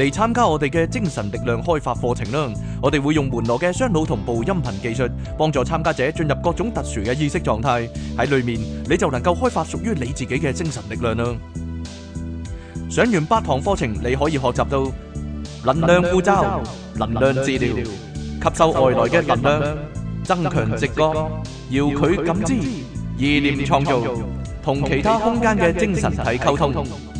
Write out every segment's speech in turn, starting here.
嚟參加我哋嘅精神力量開發課程啦！我哋會用門羅嘅雙腦同步音頻技術，幫助參加者進入各種特殊嘅意識狀態。喺裡面你就能夠開發屬於你自己嘅精神力量啦！上完八堂課程，你可以學習到能量護罩、能量治療、吸收外來嘅能量、增強直覺、遙距感知、意念創造、同其他空間嘅精神體溝通。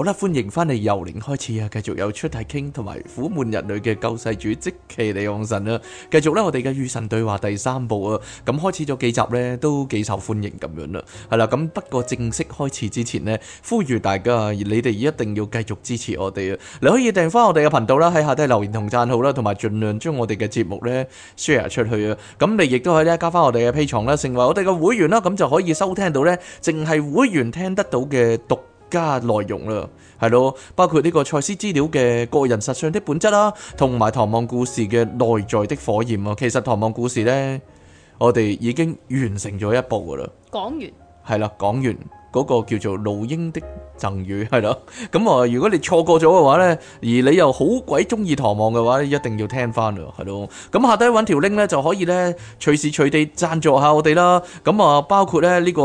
好啦，歡迎翻嚟由零開始啊！繼續有出體傾，同埋苦悶人類嘅救世主，即期嚟往神啦！繼續咧，我哋嘅與神對話第三部啊！咁、嗯、開始咗幾集咧，都幾受歡迎咁樣啦。係、嗯、啦，咁、嗯、不過正式開始之前咧，呼籲大家啊，而你哋一定要繼續支持我哋啊！你可以訂翻我哋嘅頻道啦，喺下低留言同讚好啦，同埋盡量將我哋嘅節目咧 share 出去啊！咁、嗯、你亦都可以咧加翻我哋嘅 Patreon 啦，成為我哋嘅會員啦，咁就可以收聽到咧，淨係會員聽得到嘅獨加內容啦，係咯，包括呢個賽斯資料嘅個人實相的本質啦，啊，同埋《唐望故事》嘅內在的火焰啊。其實《唐望故事》呢，我哋已經完成咗一部噶啦，講完係啦，講完嗰個叫做老鷹的贈語係咯。咁啊、嗯，如果你錯過咗嘅話呢，而你又好鬼中意《唐望》嘅話，一定要聽翻咯，係咯。咁、嗯、下低揾條 link 咧就可以呢，隨時隨地贊助下我哋啦。咁、嗯、啊，包括咧呢個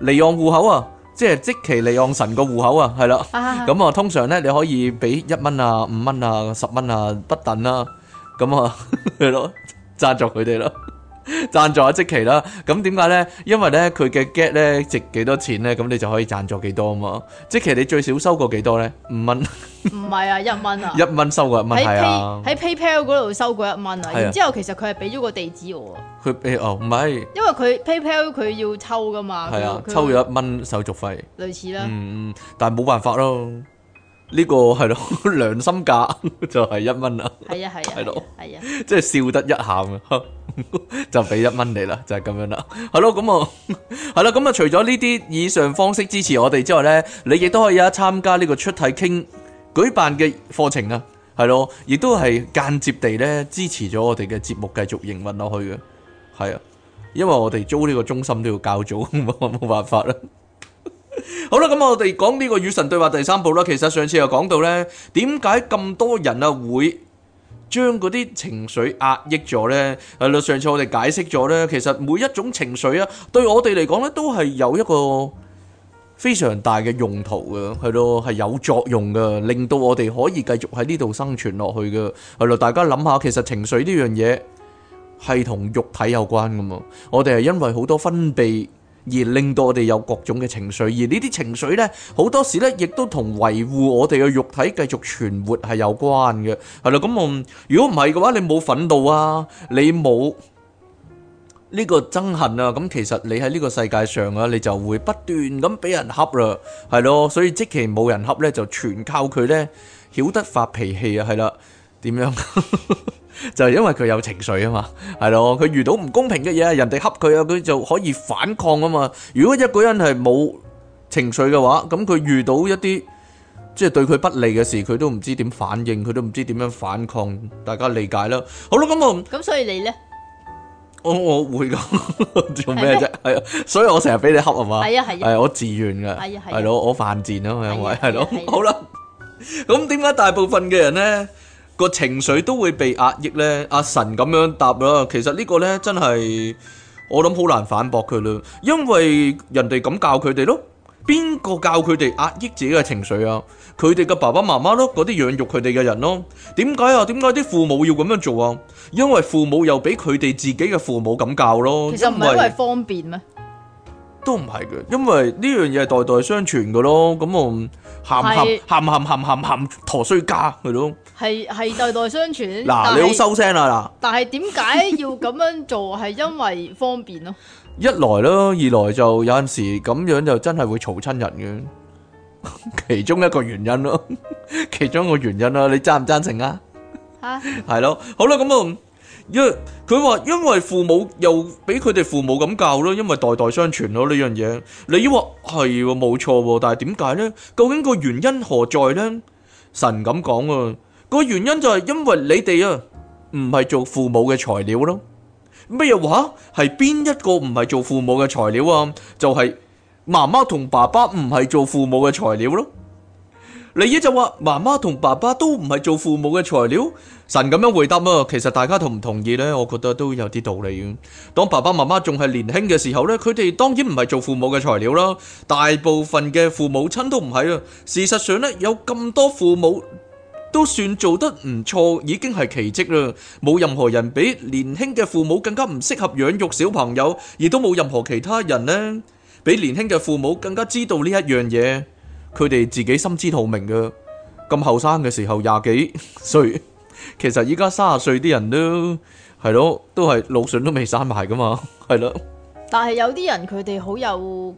離岸戶口啊。即係即期利用神個戶口啊，係啦，咁啊通常咧你可以畀一蚊啊、五蚊啊、十蚊啊不等啦、啊，咁啊係咯，贊助佢哋咯。但是，佢嘅 Get 值值幾多錢，你就可以贊助幾多錢。即是，你最少收過幾多？五蚊.一蚊收過一蚊。喺呢個係咯，良心價就係一蚊啦。係啊，係啊，係咯，係啊，即係笑得一下，就俾一蚊你啦，就係咁樣啦。係咯，咁啊，係啦，咁啊，除咗呢啲以上方式支持我哋之外咧，你亦都可以啊參加呢個出體傾舉辦嘅課程啊。係咯，亦都係間接地咧支持咗我哋嘅節目繼續營運落去嘅。係啊，因為我哋租呢個中心都要交租，冇冇辦法啦。好啦，咁我哋講呢個與神對話第三部啦。其實上次有講到咧，點解咁多人啊會將嗰啲情緒壓抑咗咧？係啦，上次我哋解釋咗咧，其實每一種情緒啊，對我哋嚟講咧，都係有一個非常大嘅用途嘅，係咯，係有作用嘅，令到我哋可以繼續喺呢度生存落去嘅。係啦，大家諗下，其實情緒呢樣嘢係同肉體有關噶嘛，我哋係因為好多分泌。而令到我哋有各種嘅情緒，而呢啲情緒呢，好多時呢，亦都同維護我哋嘅肉體繼續存活係有關嘅，係咯。咁我如果唔係嘅話，你冇憤怒啊，你冇呢個憎恨啊，咁其實你喺呢個世界上啊，你就會不斷咁俾人恰喇，係咯。所以即其冇人恰呢，就全靠佢呢曉得發脾氣啊，係啦，點樣？就係因為佢有情緒啊嘛，係咯，佢遇到唔公平嘅嘢，人哋恰佢啊，佢就可以反抗啊嘛。如果一個人係冇情緒嘅話，咁佢遇到一啲即係對佢不利嘅事，佢都唔知點反應，佢都唔知點樣反抗，大家理解啦。好啦，咁我咁所以你咧，我我會噶 做咩啫麼？係嗎啊，所以我成日俾你恰啊嘛，係啊係啊，係、啊啊、我自願噶，係咯、啊啊啊，我犯賤啊嘛。因為係咯、啊啊啊，好啦，咁點解大部分嘅人咧？個情緒都會被壓抑咧，阿神咁樣答啦。其實呢個咧真係我諗好難反駁佢咯，因為人哋咁教佢哋咯。邊個教佢哋壓抑自己嘅情緒啊？佢哋嘅爸爸媽媽咯，嗰啲養育佢哋嘅人咯。點解啊？點解啲父母要咁樣做啊？因為父母又俾佢哋自己嘅父母咁教咯。其實唔係因為方便咩？都唔係嘅，因為呢樣嘢係代代相傳嘅咯。咁我鹹鹹鹹鹹鹹鹹鹹陀衰家佢咯。係係代代相傳嗱，你好收聲啦嗱！但係點解要咁樣做？係因為方便咯。一來咯，二來就有陣時咁樣就真係會嘈親人嘅，其中一個原因咯，其中一個原因啦。你讚唔讚成啊？吓，係咯，好啦，咁啊，因佢話因為父母又俾佢哋父母咁教咯，因為代代相傳咯呢樣嘢。你話係冇錯，但係點解咧？究竟個原因何在咧？神咁講啊！個原因就係因為你哋啊，唔係做父母嘅材料咯。咩話？係、啊、邊一個唔係做父母嘅材料啊？就係、是、媽媽同爸爸唔係做父母嘅材料咯。你依就話媽媽同爸爸都唔係做父母嘅材料，神咁樣回答啊？其實大家同唔同意呢？我覺得都有啲道理。當爸爸媽媽仲係年輕嘅時候呢，佢哋當然唔係做父母嘅材料啦。大部分嘅父母親都唔係啊。事實上呢，有咁多父母。都算做得唔錯，已經係奇蹟啦！冇任何人比年輕嘅父母更加唔適合養育小朋友，亦都冇任何其他人呢比年輕嘅父母更加知道呢一樣嘢，佢哋自己心知肚明噶。咁後生嘅時候廿幾歲，其實依家三十歲啲人都係咯，都係腦囟都未生埋噶嘛，係咯。但係有啲人佢哋好有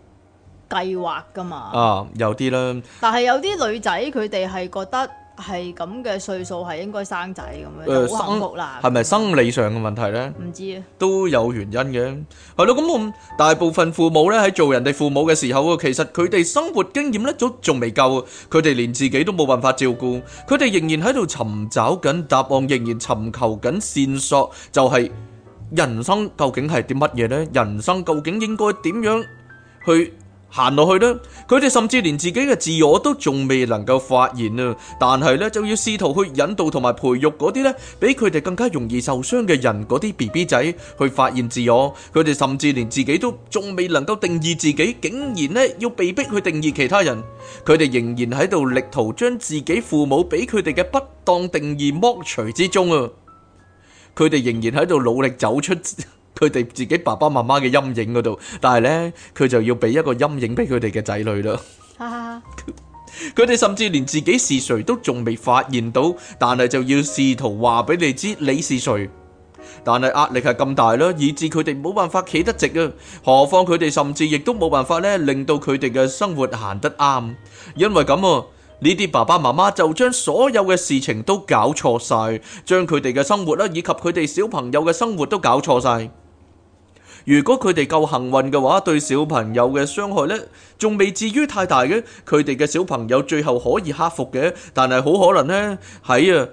計劃噶嘛。啊，有啲啦。但係有啲女仔佢哋係覺得。係咁嘅歲數係應該生仔咁樣好幸福啦，係咪生理上嘅問題咧？唔知啊，都有原因嘅，係咯。咁我大部分父母咧喺，做人哋父母嘅時候啊，其實佢哋生活經驗咧都仲未夠，佢哋連自己都冇辦法照顧，佢哋仍然喺度尋找緊答案，仍然尋求緊線索，就係人生究竟係啲乜嘢咧？人生究竟應該點樣去？行落去啦！佢哋甚至連自己嘅自我都仲未能夠發現啊！但係咧就要試圖去引導同埋培育嗰啲咧比佢哋更加容易受傷嘅人，嗰啲 B B 仔去發現自我。佢哋甚至連自己都仲未能夠定義自己，竟然咧要被逼去定義其他人。佢哋仍然喺度力圖將自己父母俾佢哋嘅不當定義剝除之中啊！佢哋仍然喺度努力走出。佢哋自己爸爸媽媽嘅陰影嗰度，但係呢佢就要俾一個陰影俾佢哋嘅仔女啦。佢哋甚至連自己是誰都仲未發現到，但係就要試圖話俾你知你是誰。但係壓力係咁大啦，以致佢哋冇辦法企得直啊。何況佢哋甚至亦都冇辦法咧令到佢哋嘅生活行得啱。因為咁啊，呢啲爸爸媽媽就將所有嘅事情都搞錯晒，將佢哋嘅生活啦，以及佢哋小朋友嘅生活都搞錯晒。如果佢哋夠幸運嘅話，對小朋友嘅傷害咧，仲未至於太大嘅。佢哋嘅小朋友最後可以克服嘅，但係好可能咧喺啊，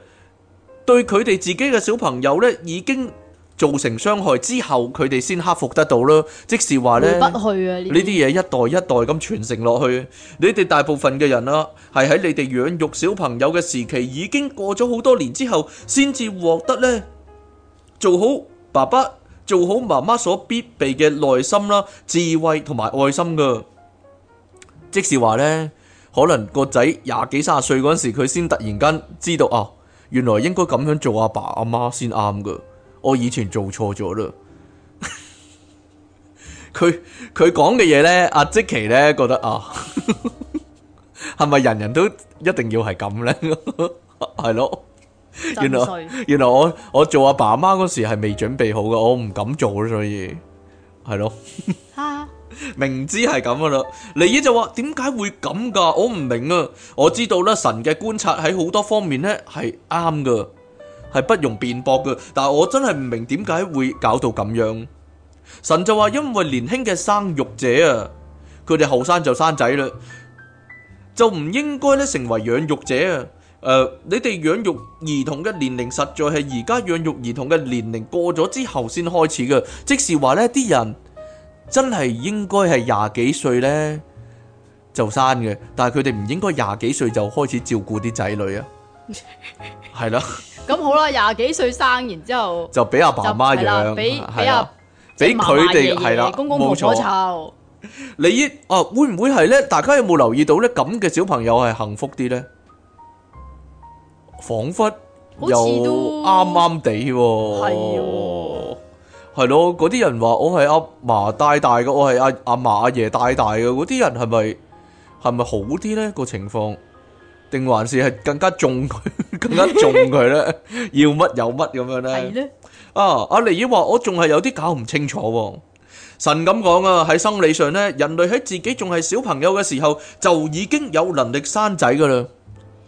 對佢哋自己嘅小朋友咧已經造成傷害之後，佢哋先克服得到咯。即是話咧，呢啲嘢一代一代咁傳承落去，你哋大部分嘅人啦，係喺你哋養育小朋友嘅時期已經過咗好多年之後，先至獲得咧做好爸爸做好媽媽所必備嘅耐心啦、智慧同埋愛心噶。即是話呢，可能個仔廿幾卅歲嗰陣時，佢先突然間知道啊，原來應該咁樣做阿爸阿媽先啱噶。我以前做錯咗啦。佢佢講嘅嘢呢，阿積奇呢覺得啊，係 咪人人都一定要係咁呢？係 咯。原來原來我我做阿爸阿媽嗰時係未準備好嘅，我唔敢做啦，所以係咯，哈，明知係咁噶啦，尼耶就話點解會咁噶？我唔明啊！我知道咧，神嘅觀察喺好多方面咧係啱嘅，係不容辯駁嘅，但係我真係唔明點解會搞到咁樣。神就話因為年輕嘅生育者啊，佢哋後生就生仔啦，就唔應該咧成為養育者啊。誒，你哋養育兒童嘅年齡實在係而家養育兒童嘅年齡過咗之後先開始嘅，即是話咧，啲人真係應該係廿幾歲咧就生嘅，但係佢哋唔應該廿幾歲就開始照顧啲仔女啊，係啦。咁好啦，廿幾歲生，然之後就俾阿爸媽養，俾俾阿俾佢哋係啦，公公婆婆，冇錯。你啊，會唔會係咧？大家有冇留意到咧？咁嘅小朋友係幸福啲咧？仿佛又啱啱地喎，係咯，係咯、嗯，嗰啲人話我係阿嫲帶大嘅，我係阿阿嫲阿爺帶大嘅，嗰啲人係咪係咪好啲呢？個情況定還是係更加重佢，更加重佢呢？ 要乜有乜咁樣呢？ 的啊，阿尼爾話我仲係有啲搞唔清楚、啊。神咁講啊，喺生理上呢，人類喺自己仲係小朋友嘅時候就已經有能力生仔噶啦。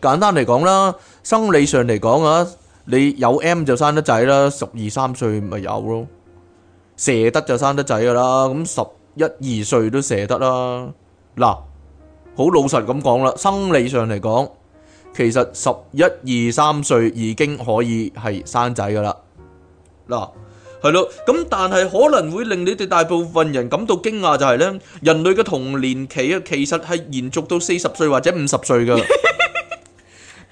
簡單嚟講啦，生理上嚟講啊，你有 M 就生得仔啦，十二三歲咪有咯，射得就生得仔噶啦，咁十一二歲都射得啦。嗱，好老實咁講啦，生理上嚟講，其實十一二三歲已經可以係生仔噶啦。嗱，係咯，咁但係可能會令你哋大部分人感到驚訝就係呢，人類嘅童年期啊，其實係延續到四十歲或者五十歲噶。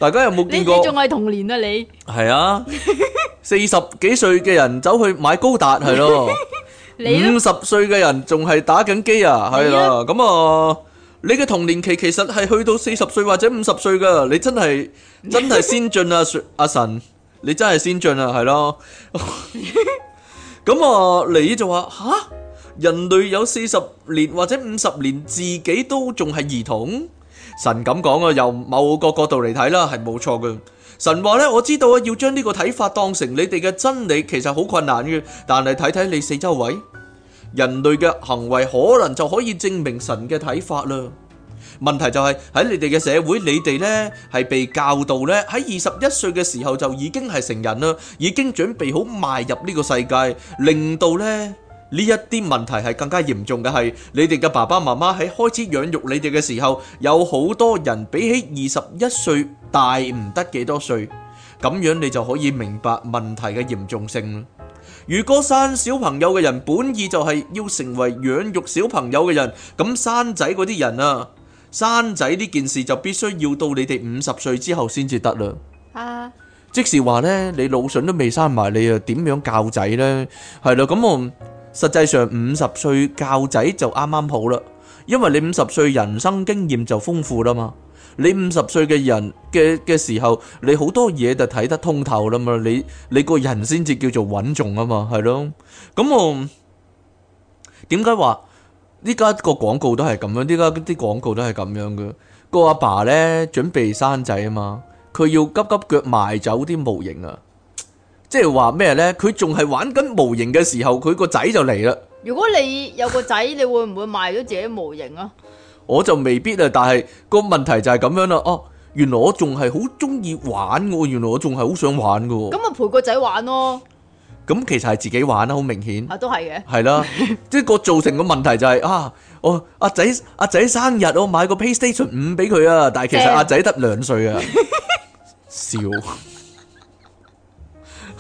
大家有冇見過？你仲係童年啊！你係 啊，四十幾歲嘅人走去買高達係咯，五十歲嘅人仲係打緊機啊，係 呢啊，咁啊，你嘅呢、嗯嗯、童年期其實係去到四十歲或者五十歲噶，你真係真係先進啊，阿、 啊、神，你真係先進啊，係咯、啊，咁 啊、嗯，你就話吓，人類有四十年或者五十年自己都仲係兒童。神咁講啊，由某個角度嚟睇啦，係冇錯嘅。神話呢，我知道啊，要將呢個睇法當成你哋嘅真理，其實好困難嘅。但係睇睇你四周圍，人類嘅行為可能就可以證明神嘅睇法啦。問題就係，喺你哋嘅社會，你哋呢係被教導呢，喺二十一歲嘅時候就已經係成人啦，已經準備好邁入呢個世界，令到呢。呢一啲問題係更加嚴重嘅係，你哋嘅爸爸媽媽喺開始養育你哋嘅時候，有好多人比起二十一歲大唔得幾多歲，咁樣你就可以明白問題嘅嚴重性啦。如果生小朋友嘅人本意就係要成為養育小朋友嘅人，咁生仔嗰啲人啊，生仔呢件事就必須要到你哋五十歲之後先至得啦。啊，即是話呢，你老迅都未生埋，你又點樣教仔呢？係喇，咁我。實際上五十歲教仔就啱啱好啦，因為你五十歲人生經驗就豐富啦嘛，你五十歲嘅人嘅嘅時候，你好多嘢就睇得通透啦嘛，你你個人先至叫做穩重啊嘛，係咯，咁我點解話呢家個廣告都係咁樣，呢家啲廣告都係咁樣嘅，個阿爸、爸呢，準備生仔啊嘛，佢要急急腳埋走啲模型啊！即係話咩呢？佢仲係玩緊模型嘅時候，佢個仔就嚟啦。如果你有個仔，你會唔會賣咗自己模型啊？我就未必啊，但係個問題就係咁樣啦。哦，原來我仲係好中意玩喎，原來我仲係好想玩喎。咁啊，陪個仔玩咯。咁其實係自己玩啦，好明顯。啊，都係嘅。係啦，即係個造成個問題就係啊，哦，阿仔阿仔生日，我買個 PlayStation 五俾佢啊，但係其實阿仔得兩歲啊，笑。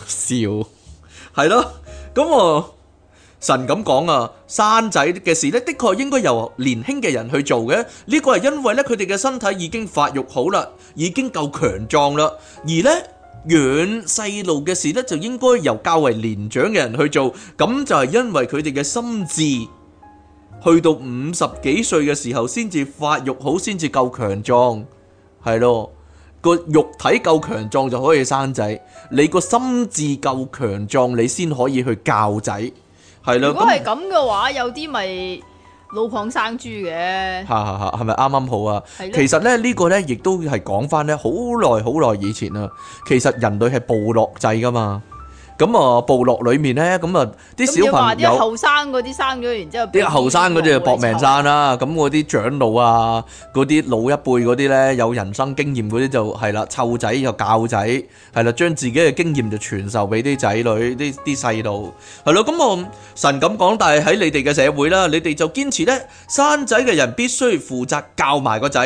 笑係咯，咁 啊、嗯、神咁講啊，生仔嘅事呢，的確應該由年輕嘅人去做嘅。呢個係因為呢，佢哋嘅身體已經發育好啦，已經夠強壯啦。而呢，養細路嘅事呢，就應該由較為年長嘅人去做。咁就係因為佢哋嘅心智去到五十幾歲嘅時候，先至發育好，先至夠強壯。係咯。個肉體夠強壯就可以生仔，你個心智夠強壯，你先可以去教仔，係咯。如果係咁嘅話，有啲咪老婆生豬嘅。嚇係咪啱啱好啊？的其實咧呢、這個呢，亦都係講翻呢好耐好耐以前啊，其實人類係部落制噶嘛。咁啊，部落裏面咧，咁啊啲小朋友，後生嗰啲生咗，然之後啲後生嗰啲就搏命生啦。咁嗰啲長老啊，嗰啲老一輩嗰啲咧，有人生經驗嗰啲就係啦，湊仔又教仔，係啦，將自己嘅經驗就傳授俾啲仔女，啲啲細路，係咯。咁我神咁講，但係喺你哋嘅社會啦，你哋就堅持咧，生仔嘅人必須負責教埋個仔，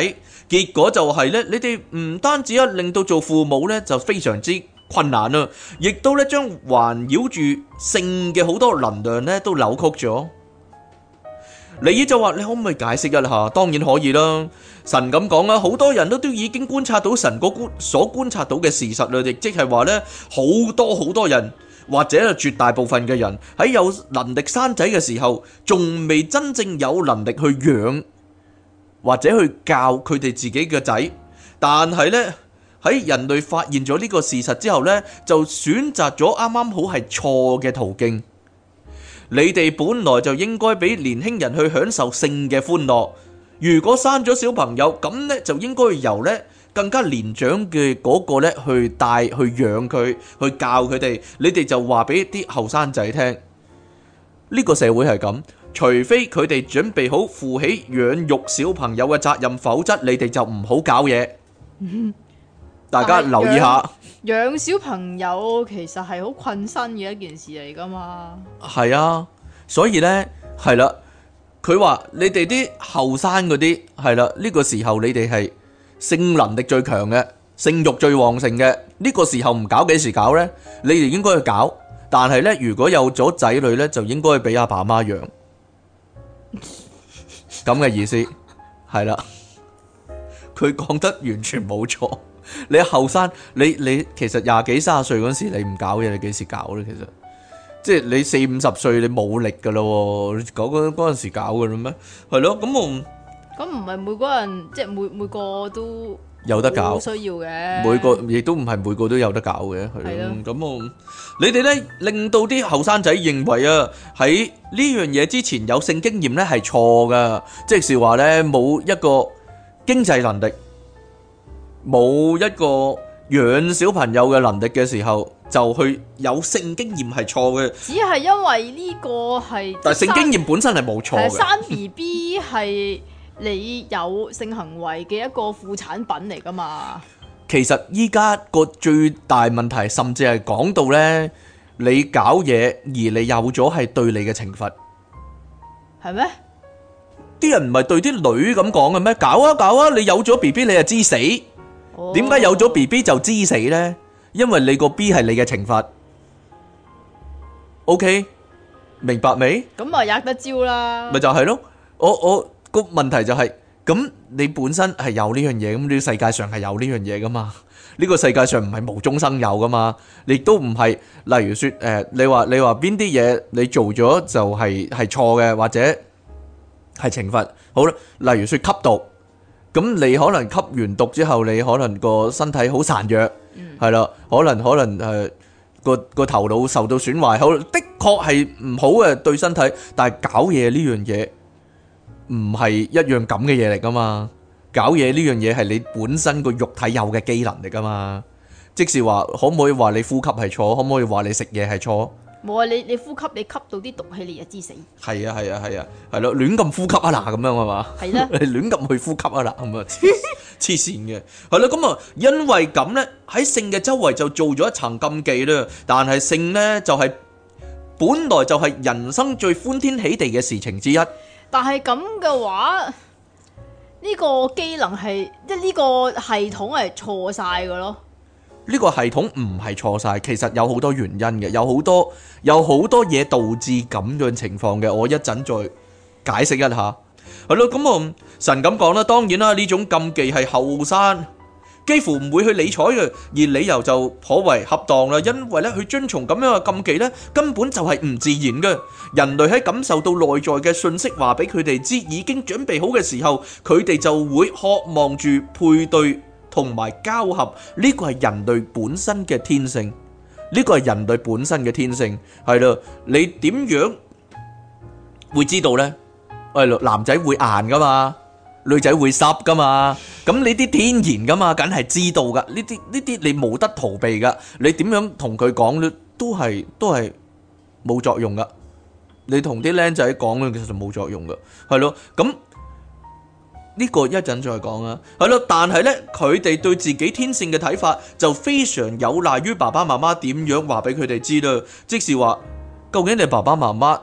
結果就係咧，你哋唔單止一令到做父母咧就非常之。困難啦，啊，亦都咧將環繞住性嘅好多能量咧都扭曲咗。李姨就話，你可唔可以解釋一下？當然可以啦。神咁講啦，好多人都都已經觀察到神嗰觀所觀察到嘅事實啦，亦即係話咧，好多好多人或者啊絕大部分嘅人喺有能力生仔嘅時候，仲未真正有能力去養或者去教佢哋自己嘅仔，但係呢。喺人類發現咗呢個事實之後呢，就選擇咗啱啱好係錯嘅途徑。你哋本來就應該俾年輕人去享受性嘅歡樂。如果生咗小朋友，咁呢就應該由呢更加年長嘅嗰個呢去帶去養佢，去教佢哋。你哋就話俾啲後生仔聽，呢、這個社會係咁。除非佢哋準備好負起養育小朋友嘅責任，否則你哋就唔好搞嘢。 大家留意下，養小朋友其實係好困身嘅一件事嚟噶嘛。係啊，所以呢，係啦，佢話你哋啲後生嗰啲係啦，呢個時候你哋係性能力最強嘅，性欲最旺盛嘅，呢個時候唔搞幾時搞呢？你哋應該去搞，但係呢，如果有咗仔女呢，就應該俾阿爸媽養，咁嘅 意思係啦，佢講得完全冇錯。你後生，你你其實廿幾卅歲嗰時你唔搞嘢，你幾時搞咧？其實，即係你四五十歲你冇力噶咯，你嗰嗰嗰陣時搞嘅啦咩？係咯，咁我咁唔係每個人，即係每每個，每，個每個都有得搞，需要嘅，每個亦都唔係每個都有得搞嘅，係咯。咁我你哋咧令到啲後生仔認為啊，喺呢樣嘢之前有性經驗咧係錯噶，即係話咧冇一個經濟能力。冇一個養小朋友嘅能力嘅時候，就去有性經驗係錯嘅。只係因為呢個係，但係性經驗本身係冇錯。生 B B 係你有性行為嘅一個副產品嚟噶嘛。其實依家個最大問題，甚至係講到呢：你搞嘢而你有咗係對你嘅懲罰，係咩嗎？啲人唔係對啲女咁講嘅咩？搞啊搞啊！你有咗 B B 你就知死。點解有咗 B B 就知死咧？因為你個 B 係你嘅懲罰。O K，明白未？咁咪入得招啦。咪就係咯。我我個問題就係，咁你本身係有呢樣嘢，咁呢個世界上係有呢樣嘢噶嘛？呢個世界上唔係無中生有噶嘛？亦都唔係，例如說，誒，你話你話邊啲嘢你做咗就係係錯嘅，或者係懲罰。好啦，例如說吸毒。咁你可能吸完毒之後，你可能個身體好孱弱，係啦、嗯，可能可能誒、呃、個個頭腦受到損壞，的確好的確係唔好嘅，對身體，但係搞嘢呢樣嘢唔係一樣咁嘅嘢嚟噶嘛？搞嘢呢樣嘢係你本身個肉體有嘅機能嚟噶嘛？即是話可唔可以話你呼吸係錯？可唔可以話你食嘢係錯？冇啊！你你呼吸，你吸到啲毒氣，你就知死。係啊係啊係啊係咯，亂咁、啊、呼吸啊嗱，咁樣係嘛？係啦、啊，亂咁 去呼吸啊啦，咁啊黐線嘅，係啦咁啊，因為咁咧喺性嘅周圍就做咗一層禁忌啦。但係性咧就係、是、本來就係人生最歡天喜地嘅事情之一。但係咁嘅話，呢、這個機能係即係呢個系統係錯晒㗎咯。呢個系統唔係錯晒，其實有好多原因嘅，有好多有好多嘢導致咁樣情況嘅，我一陣再解釋一下。係咯，咁啊，神咁講啦，當然啦，呢種禁忌係後生，幾乎唔會去理睬嘅，而理由就頗為恰當啦，因為咧，佢遵從咁樣嘅禁忌咧，根本就係唔自然嘅。人類喺感受到內在嘅訊息，話俾佢哋知已經準備好嘅時候，佢哋就會渴望住配對。同埋交合呢個係人類本身嘅天性，呢個係人類本身嘅天性係咯。你點樣會知道咧？誒，男仔會硬噶嘛，女仔會濕噶嘛。咁呢啲天然噶嘛，梗係知道噶。呢啲呢啲你冇得逃避噶。你點樣同佢講咧，都係都係冇作用噶。你同啲靚仔講咧，其實就冇作用噶，係咯。咁。呢個一陣再講啊，係咯，但係呢，佢哋對自己天性嘅睇法就非常有賴於爸爸媽媽點樣話俾佢哋知啦。即是話，究竟你爸爸媽媽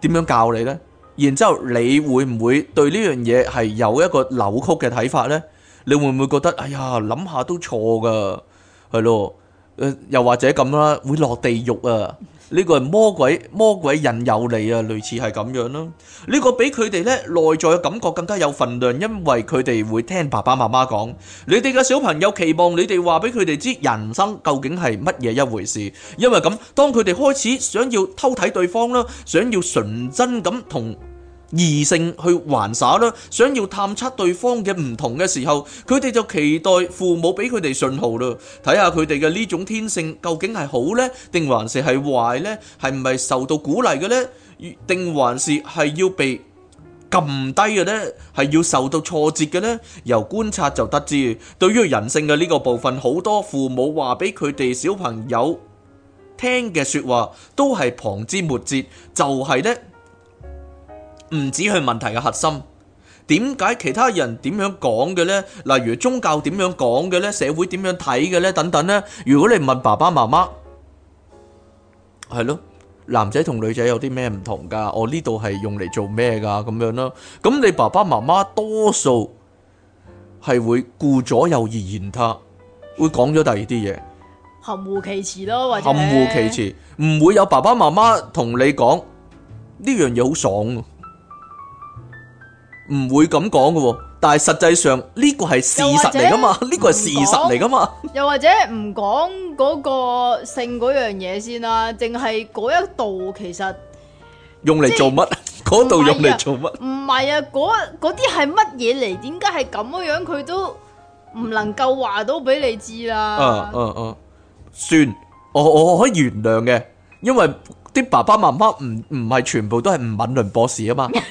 點樣教你呢？然之後你會唔會對呢樣嘢係有一個扭曲嘅睇法呢？你會唔會覺得，哎呀，諗下都錯噶，係咯？又或者咁啦，會落地獄啊？呢個係魔鬼魔鬼引誘你啊，類似係咁樣咯。呢、這個比佢哋咧內在嘅感覺更加有份量，因為佢哋會聽爸爸媽媽講。你哋嘅小朋友期望你哋話俾佢哋知人生究竟係乜嘢一回事。因為咁，當佢哋開始想要偷睇對方啦，想要純真咁同。異性去玩耍啦，想要探測對方嘅唔同嘅時候，佢哋就期待父母俾佢哋信號啦，睇下佢哋嘅呢種天性究竟係好呢？定還是係壞呢？係唔係受到鼓勵嘅呢？定還是係要被撳低嘅呢？係要受到挫折嘅呢？由觀察就得知，對於人性嘅呢個部分，好多父母話俾佢哋小朋友聽嘅説話都係旁枝末節，就係呢。唔止係問題嘅核心，點解其他人點樣講嘅呢？例如宗教點樣講嘅呢？社會點樣睇嘅呢？等等呢。如果你問爸爸媽媽，係咯，男仔同女仔有啲咩唔同噶？我呢度係用嚟做咩噶？咁樣咯。咁你爸爸媽媽多數係會顧左右而言他，會講咗第二啲嘢，含糊其辭咯，或者含糊其辭，唔會有爸爸媽媽同你講呢樣嘢好爽。唔會咁講嘅，但係實際上呢個係事實嚟噶嘛？呢個係事實嚟噶嘛？又或者唔講嗰個性嗰樣嘢先啦、啊，淨係嗰一度其實用嚟做乜？嗰度、就是、 用嚟做乜？唔係啊，嗰啲係乜嘢嚟？點解係咁樣？佢都唔能夠話到俾你知啦。嗯嗯、啊啊啊、算，我我可以原諒嘅，因為啲爸爸媽媽唔唔係全部都係吳敏倫博士啊嘛。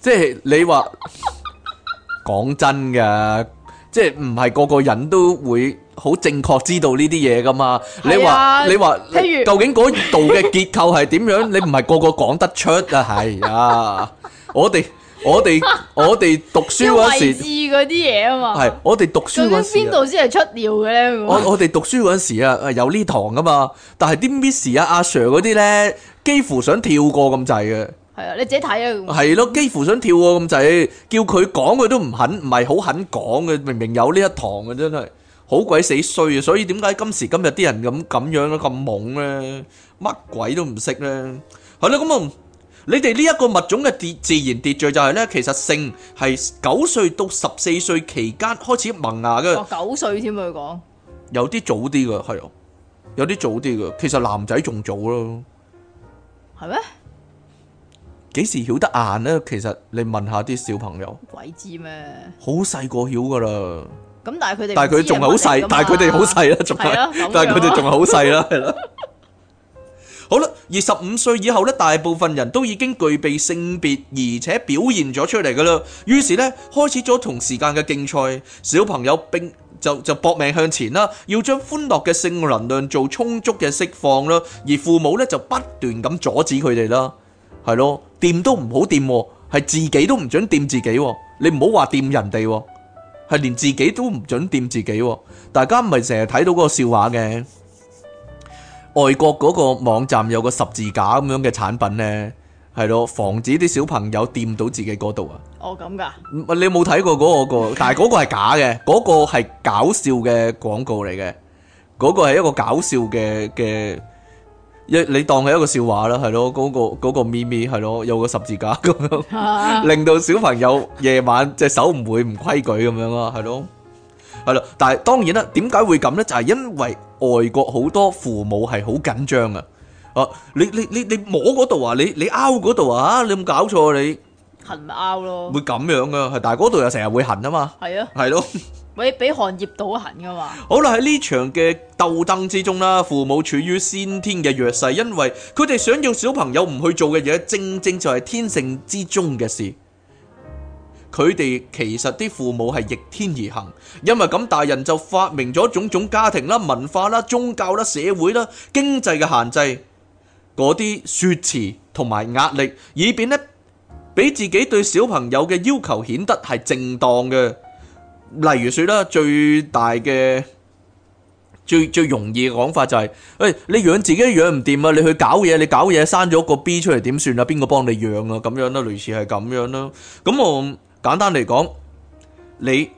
即係你話講真噶，即係唔係個個人都會好正確知道呢啲嘢噶嘛？啊、你話你話譬如究竟嗰度嘅結構係點樣？ 你唔係個個講得出啊！係 啊，我哋我哋我哋讀書嗰時，位置嗰啲嘢啊嘛。係、啊、我哋讀書嗰陣時邊度先係出尿嘅咧？我我哋讀書嗰陣時啊，有呢堂噶嘛。但係啲 Miss 啊、阿、啊、Sir 嗰啲咧，幾乎想跳過咁滯嘅。係啊，你自己睇啊。係咯，幾乎想跳喎咁滯，叫佢講佢都唔肯，唔係好肯講嘅。明明有呢一堂嘅，真係好鬼死衰啊！所以點解今時今日啲人咁咁樣咯咁懵咧？乜鬼都唔識咧？係啦，咁啊，你哋呢一個物種嘅秩自然秩序就係咧，其實性係九歲到十四歲期間開始萌芽嘅。九歲添啊！佢講有啲早啲㗎，係啊，有啲早啲㗎。其實男仔仲早咯，係咩？幾時曉得硬呢？其實你問下啲小朋友，鬼知咩？好細個曉噶啦。咁但係佢哋，但係佢仲係好細，但係佢哋好細啦，仲係，但係佢哋仲係好細啦，係啦。好啦，二十五歲以後呢，大部分人都已經具備性別，而且表現咗出嚟噶啦。於是呢，開始咗同時間嘅競賽，小朋友並就就搏命向前啦，要將歡樂嘅性能量做充足嘅釋放啦。而父母呢就不斷咁阻止佢哋啦，係咯。掂都唔好掂，係自己都唔准掂自己，你唔好話掂人哋，係連自己都唔准掂自己。大家唔係成日睇到個笑話嘅，外國嗰個網站有個十字架咁樣嘅產品呢，係咯，防止啲小朋友掂到自己嗰度啊。哦，咁噶、嗰個？你冇睇過嗰個，但係嗰個係假嘅，嗰個係搞笑嘅廣告嚟嘅，嗰、嗰個係一個搞笑嘅嘅。一你當係一個笑話啦，係咯，嗰個嗰個咪咪係咯，有個十字架咁樣，令到小朋友夜晚隻手唔會唔規矩咁樣啊，係咯，係啦。但係當然啦，點解會咁咧？就係因為外國好多父母係好緊張啊！啊，你你你你摸嗰度啊，你你撓嗰度啊，你有冇搞錯你痕咪撓咯，會咁樣噶係，但係嗰度又成日會痕啊嘛，係啊，係咯。喂，俾行業倒行㗎嘛？好啦，喺呢場嘅鬥爭之中啦，父母處於先天嘅弱勢，因為佢哋想要小朋友唔去做嘅嘢，正正就係天性之中嘅事。佢哋其實啲父母係逆天而行，因為噉大人就發明咗種種家庭啦、文化啦、宗教啦、社會啦、經濟嘅限制嗰啲説辭同埋壓力，以便呢俾自己對小朋友嘅要求顯得係正當嘅。例如說啦，最大嘅最最容易嘅講法就係、是，誒，你養自己都養唔掂啊，你去搞嘢，你搞嘢生咗個 B 出嚟點算啊？邊個幫你養啊？咁樣啦，類似係咁樣啦、啊。咁我、嗯、簡單嚟講，你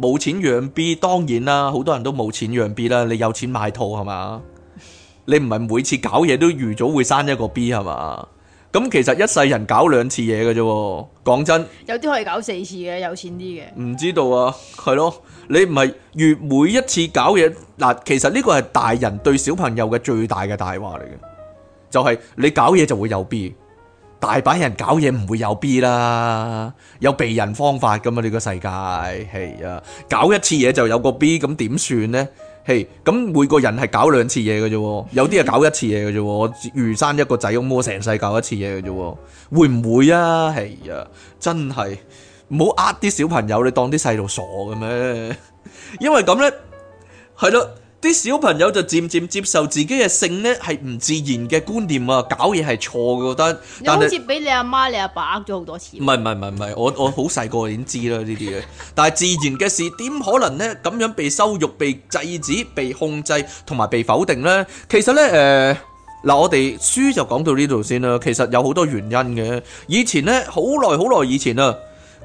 冇錢養 B，當然啦，好多人都冇錢養 B 啦。你有錢買套係嘛？你唔係每次搞嘢都預早會生一個 B 係嘛？咁其實一世人搞兩次嘢嘅啫，講真。有啲可以搞四次嘅，有錢啲嘅。唔知道啊，係咯，你唔係越每一次搞嘢嗱，其實呢個係大人對小朋友嘅最大嘅大話嚟嘅，就係、是、你搞嘢就會有 B，大把人搞嘢唔會有 B 啦，有避孕方法噶嘛你、呢個世界，係啊，搞一次嘢就有個 B，咁點算呢？係，咁、hey, 每個人係搞兩次嘢嘅啫，有啲係搞一次嘢嘅啫。我如生一個仔，咁，我成世搞一次嘢嘅啫。會唔會啊？係、hey, 啊，真係唔好呃啲小朋友，你當啲細路傻嘅咩？ 因為咁咧，係咯。啲小朋友就漸漸接受自己嘅性呢係唔自然嘅觀念啊，搞嘢係錯嘅，覺得。好似俾你阿媽、你阿爸呃咗好多錢。唔係唔係唔係唔係，我我好細個已經知啦呢啲嘢。但係自然嘅事點可能呢？咁樣被羞辱、被制止、被控制同埋被否定呢？其實呢，誒、呃、嗱，我哋書就講到呢度先啦。其實有好多原因嘅。以前呢，好耐好耐以前啊，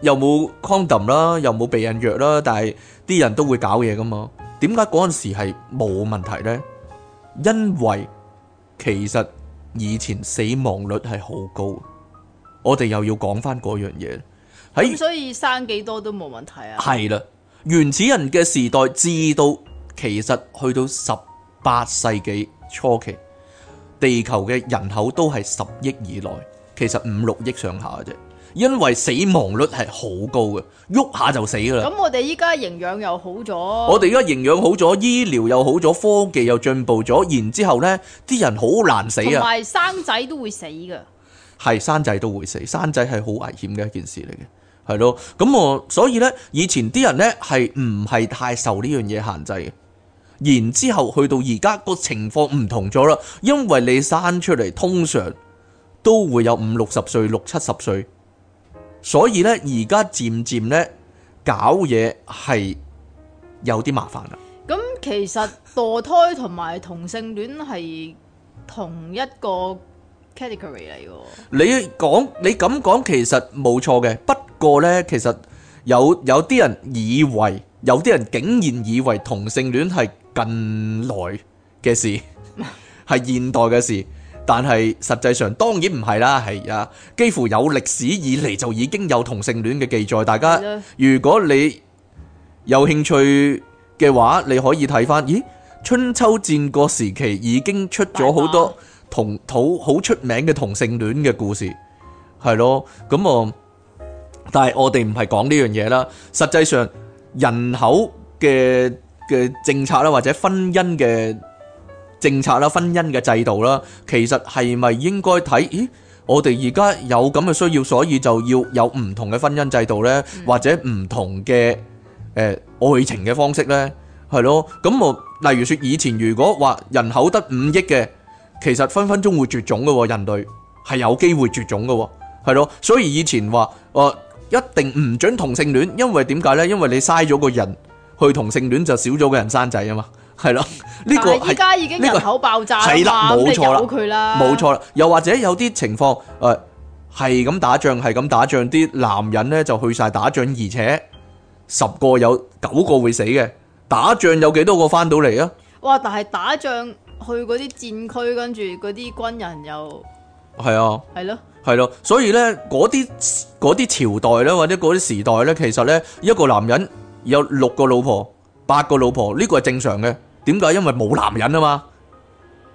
又冇 condom 啦，又冇避孕藥啦，但係啲人都會搞嘢噶嘛。點解嗰陣時係冇問題呢？因為其實以前死亡率係好高，我哋又要講翻嗰樣嘢喺。咁所以生幾多都冇問題啊？係啦，原始人嘅時代至到其實去到十八世紀初期，地球嘅人口都係十億以內，其實五六億上下嘅啫。因為死亡率係好高嘅，喐下就死噶啦。咁我哋依家營養又好咗，我哋依家營養好咗，醫療又好咗，科技又進步咗，然之後呢，啲人好難死啊。同埋生仔都會死噶，係生仔都會死，生仔係好危險嘅一件事嚟嘅，係咯。咁我所以呢，以前啲人呢係唔係太受呢樣嘢限制嘅。然之後去到而家個情況唔同咗啦，因為你生出嚟通常都會有五六十歲、六七十歲。所以咧，而家漸漸咧搞嘢係有啲麻煩啦。咁其實墮胎同埋同性戀係同一個 category 嚟嘅。你講，你咁講其實冇錯嘅，不過呢，其實有有啲人以為，有啲人竟然以為同性戀係近來嘅事，係 現代嘅事。但係實際上當然唔係啦，係啊，幾乎有歷史以嚟，就已經有同性戀嘅記載。大家如果你有興趣嘅話，你可以睇返。咦，春秋戰國時期已經出咗好多同土好出名嘅同性戀嘅故事，係咯。咁、嗯、啊、嗯，但係我哋唔係講呢樣嘢啦。實際上人口嘅嘅政策啦，或者婚姻嘅。政策啦，婚姻嘅制度啦，其實係咪應該睇？咦，我哋而家有咁嘅需要，所以就要有唔同嘅婚姻制度呢，或者唔同嘅誒愛情嘅方式呢，係咯。咁我例如説，以前如果話人口得五億嘅，其實分分鐘會絕種嘅喎，人類係有機會絕種嘅喎，係咯。所以以前話哦一定唔准同性戀，因為點解呢？因為你嘥咗個人去同性戀就少咗個人生仔啊嘛。係咯，呢個依家已經人口爆炸係啦，冇錯啦，冇錯啦。又或者有啲情況誒，係咁打仗，係咁打仗，啲男人呢就去晒打仗，而且十個有九個會死嘅，打仗有幾多個翻到嚟啊？哇！但係打仗去嗰啲戰區，跟住嗰啲軍人又係啊，係咯，係咯。所以呢，嗰啲嗰啲朝代呢，或者嗰啲時代呢，其實呢，一個男人有六個老婆、八個老婆，呢個係正常嘅。點解？因為冇男人啊嘛，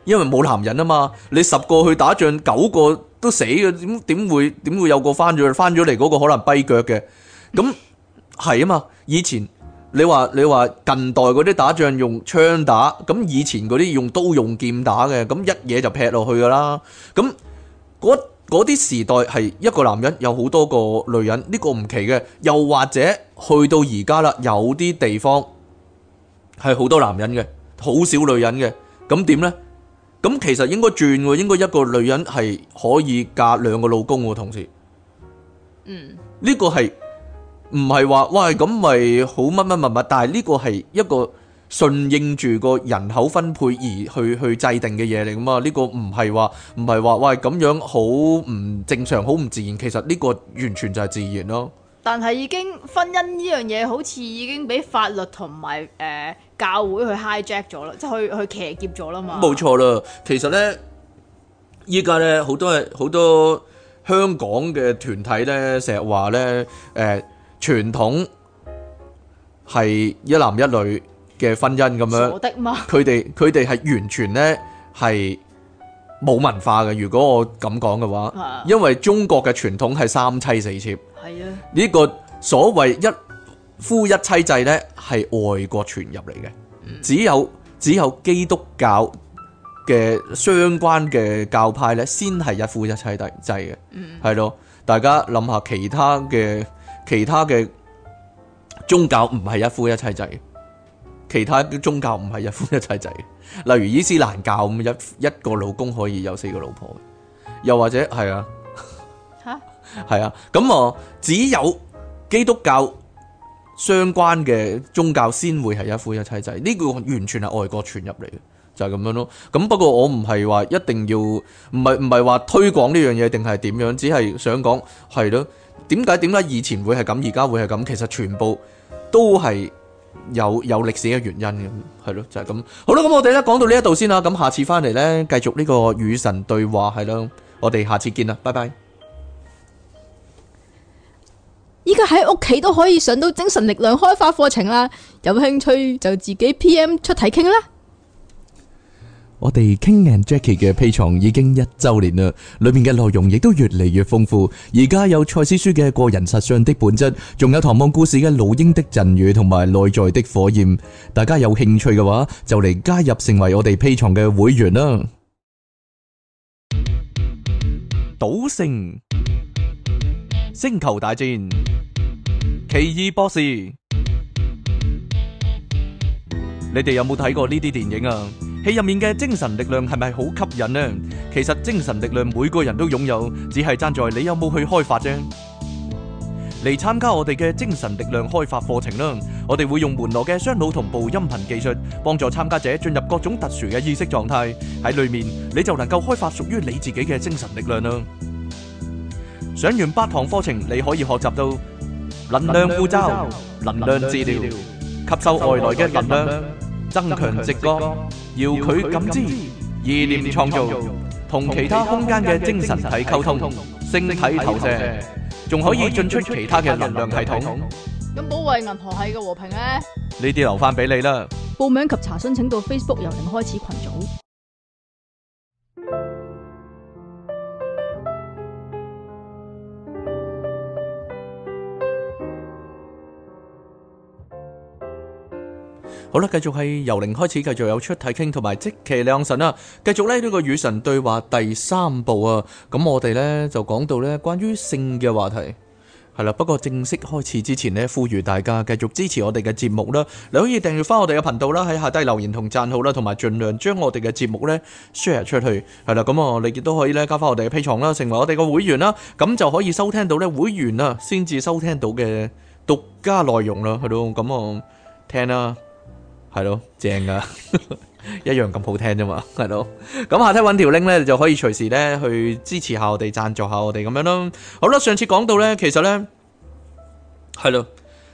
因為冇男人啊嘛。你十個去打仗，九個都死嘅，點點會點會有個翻咗翻咗嚟嗰個可能跛腳嘅？咁係啊嘛。以前你話你話近代嗰啲打仗用槍打，咁、嗯、以前嗰啲用刀用劍打嘅，咁、嗯、一嘢就劈落去㗎啦。咁嗰啲時代係一個男人有好多個女人，呢、這個唔奇嘅。又或者去到而家啦，有啲地方係好多男人嘅。好少女人嘅，咁點呢？咁其實應該轉，應該一個女人係可以嫁兩個老公嘅同時。嗯，呢個係唔係話，喂咁咪好乜乜乜乜？但係呢個係一個順應住個人口分配而去去制定嘅嘢嚟㗎嘛？呢個唔係話唔係話，喂咁樣好唔正常，好唔自然。其實呢個完全就係自然咯。但係已經婚姻呢樣嘢好似已經俾法律同埋誒。教會去 hijack 咗啦，即係去去騎劫咗啦嘛。冇錯啦，其實咧，依家咧好多好多香港嘅團體咧，成日話咧，誒傳統係一男一女嘅婚姻咁樣。有的嘛。佢哋佢哋係完全咧係冇文化嘅。如果我咁講嘅話，因為中國嘅傳統係三妻四妾。係啊。呢個所謂一夫一妻制呢係外國傳入嚟嘅。嗯、只有只有基督教嘅相關嘅教派呢先係一夫一妻制制嘅。係咯、嗯。大家諗下其他嘅其他嘅宗教唔係一夫一妻制，其他宗教唔係一夫一妻制，例如伊斯蘭教咁，一一,一個老公可以有四個老婆，又或者係啊，吓係啊，咁我哈、嗯、只有基督教。相關嘅宗教先會係一夫一妻制，呢、這個完全係外國傳入嚟嘅，就係、是、咁樣咯。咁不過我唔係話一定要，唔係唔係話推廣呢樣嘢定係點樣，只係想講係咯。點解點解以前會係咁，而家會係咁？其實全部都係有有歷史嘅原因嘅，係咯，就係、是、咁。好啦，咁我哋咧講到呢一度先啦，咁下次翻嚟咧繼續呢個與神對話，係咯，我哋下次見啦，拜拜。依家喺屋企都可以上到精神力量開發課程啦，有興趣就自己 P M 出題傾啦。我哋 King and Jackie 嘅 Patreon 已經一周年啦，裏面嘅內容亦都越嚟越豐富。而家有賽斯書嘅個人實相的本質，仲有唐望故事嘅老鷹的贈予同埋內在的火焰。大家有興趣嘅話，就嚟加入成為我哋 Patreon 嘅會員啦。賭聖、星球大戰、奇異博士，e、你哋有冇睇過呢啲電影啊？戲入面嘅精神力量係咪好吸引呢？其實精神力量每個人都擁有，只係站在你有冇去開發啫。嚟參加我哋嘅精神力量開發課程啦！我哋會用門羅嘅雙腦同步音頻技術，幫助參加者進入各種特殊嘅意識狀態。喺裏面你就能夠開發屬於你自己嘅精神力量啦。上完八堂課程，你可以學習到。能量護罩、能量治療、吸收外來嘅能量、增強直覺、遙距感知、意念創造、同其他空間嘅精神體溝通、星體投射，仲可以進出其他嘅能量系統。咁保衛銀河系嘅和平咧？呢啲留翻俾你啦。報名及查詢請到 Facebook 由零開始群組。好啦，繼續係由零開始，繼續有出體傾，同埋積奇亮神啊。繼續呢呢個與神對話第三部啊。咁我哋呢，就講到呢關於性嘅話題係啦。不過正式開始之前呢，呼籲大家繼續支持我哋嘅節目啦。你可以訂閱翻我哋嘅頻道啦，喺下低留言同讚好啦，同埋盡量將我哋嘅節目呢 share 出去係啦。咁啊，你亦都可以呢加翻我哋嘅 Patreon 啦，成為我哋嘅會員啦。咁就可以收聽到呢會員啊先至收聽到嘅獨家內容啦。係咯，咁啊聽啦。係咯，正噶， 一樣咁好聽啫嘛，係咯。咁下梯揾條 link 咧，你就可以隨時咧去支持下我哋，贊助下我哋咁樣咯。好啦，上次講到咧，其實咧係咯，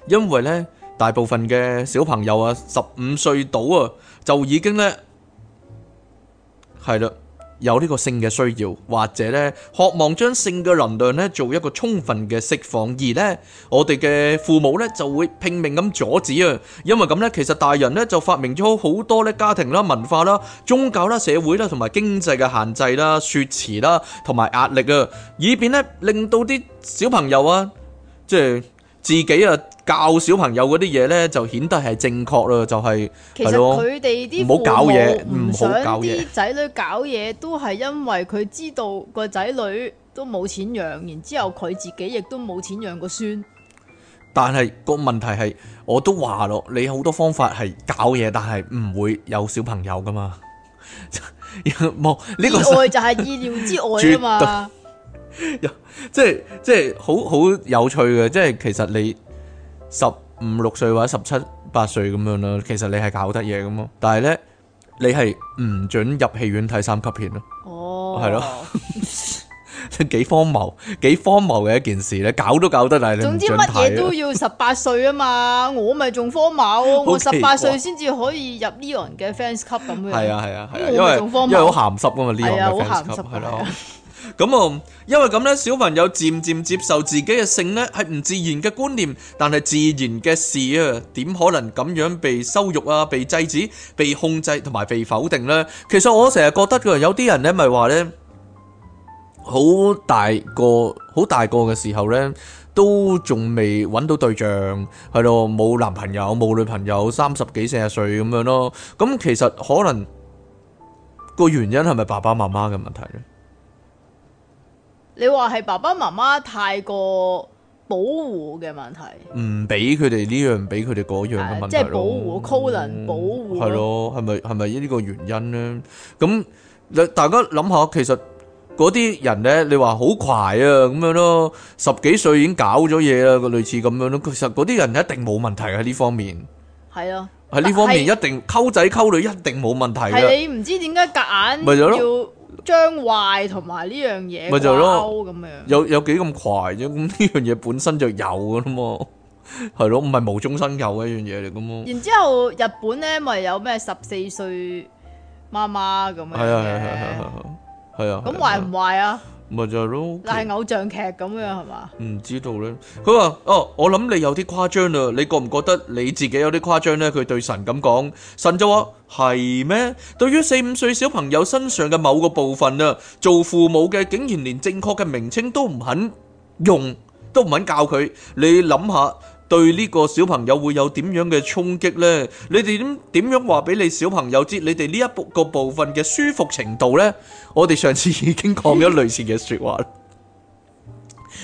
因為咧大部分嘅小朋友啊，十五歲到啊就已經咧係啦。有呢個性嘅需要，或者呢渴望將性嘅能量呢做一個充分嘅釋放，而呢，我哋嘅父母呢就會拼命咁阻止啊！因為咁呢，其實大人呢就發明咗好多呢家庭啦、文化啦、宗教啦、社會啦同埋經濟嘅限制啦、說辭啦同埋壓力啊，以便呢令到啲小朋友啊，即係。自己啊教小朋友嗰啲嘢呢，就顯得係正確啦，就係係咯。唔好搞嘢，唔好搞嘢。仔女搞嘢都係因為佢知道個仔女都冇錢養，然之後佢自己亦都冇錢養個孫。但係個問題係，我都話咯，你好多方法係搞嘢，但係唔會有小朋友噶嘛？冇 呢，這個意外就係意料之外啊嘛。即係即係好好有趣嘅，即係其實你十五六歲或者十七八歲咁樣啦，其實你係搞得嘢咁咯。但係咧，你係唔准入戲院睇三級片咯。哦，係咯，幾荒謬，幾荒謬嘅一件事咧，搞都搞得你，但係總之乜嘢都要十八歲啊嘛，我咪仲荒謬， okay, 哇 我十八歲先至可以入呢個人嘅 fans club 咁樣。係啊係啊係啊，我咪仲荒謬因，因為因為好咸濕啊嘛呢個。係啊，好咸濕係咯。 咁啊，因為咁咧，小朋友漸漸接受自己嘅性呢，係唔自然嘅觀念，但係自然嘅事啊，點可能咁樣被羞辱啊、被制止、被控制同埋被否定呢？其實我成日覺得嘅，有啲人咧咪話呢，好大個好大個嘅時候呢，都仲未揾到對象，係咯，冇男朋友冇女朋友，三十幾四十歲咁樣咯，咁其實可能個原因係咪爸爸媽媽嘅問題呢？你話係爸爸媽媽太過保護嘅問題，唔俾佢哋呢樣，唔俾佢哋嗰樣嘅問題咯。即係保護，高能保護。係咯，係咪係咪呢個原因咧？咁大家諗下，其實嗰啲人咧，你話好快啊咁樣咯，十幾歲已經搞咗嘢啦，類似咁樣咯。其實嗰啲人一定冇問題喺呢方面。係咯，喺呢方面一定溝仔溝女一定冇問題嘅。係你唔知點解夾硬要？將壞同埋呢樣嘢咪就咁樣，樣有有幾咁快啫？咁呢樣嘢本身就有噶啦嘛，係 咯，唔係無中生有嘅一樣嘢嚟噶嘛。然之後日本咧咪有咩十四歲媽媽咁樣嘅，係啊，咁壞唔壞啊？咪就係咯，嗱係偶像劇咁樣係嘛？唔知道咧。佢話：哦，我諗你有啲誇張啦。你覺唔覺得你自己有啲誇張咧？佢對神咁講，神就話：係咩？對於四五歲小朋友身上嘅某個部分啊，做父母嘅竟然連正確嘅名稱都唔肯用，都唔肯教佢。你諗下。對呢個小朋友會有點樣嘅衝擊咧？你哋點點樣話俾你小朋友知？你哋呢一個部分嘅舒服程度咧？我哋上次已經講咗類似嘅說話，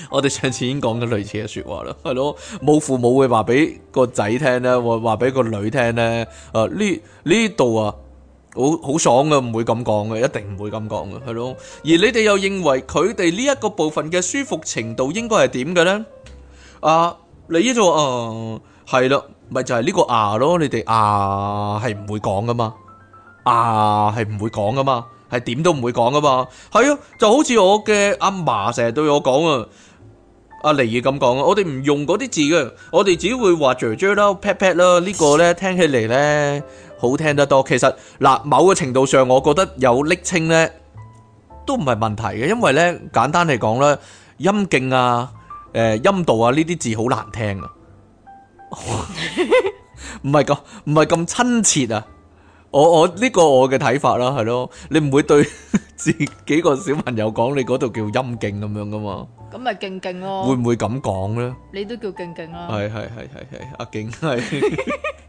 我哋上次已經講咗類似嘅說話啦，係咯？冇父母會話俾個仔聽咧，會話俾個女聽咧？誒，呢呢度啊，好好爽嘅，唔會咁講嘅，一定唔會咁講嘅，係咯？而你哋又認為佢哋呢一個部分嘅舒服程度應該係點嘅咧？啊！你依度誒係啦，咪就係呢個牙咯。你哋牙係唔會講噶嘛，牙係唔會講噶嘛，係點都唔會講噶嘛。係啊，就好似我嘅阿嫲成日對我講啊，阿妮兒咁講啊，我哋唔用嗰啲字嘅，我哋只會話 juju 啦，pat pat 啦。呢個咧聽起嚟咧好聽得多。其實嗱，某個程度上，我覺得有暱稱咧都唔係問題嘅，因為咧簡單嚟講咧陰莖啊。誒，陰、欸、道啊，呢啲字好難聽啊，唔係咁唔係咁親切啊，我我呢、這個我嘅睇法啦，係咯，你唔會對自己幾個小朋友講你嗰度叫陰莖咁樣噶嘛，咁咪勁勁咯，會唔會咁講咧？你都叫勁勁啦，係係係係係阿勁係。哎哎哎哎啊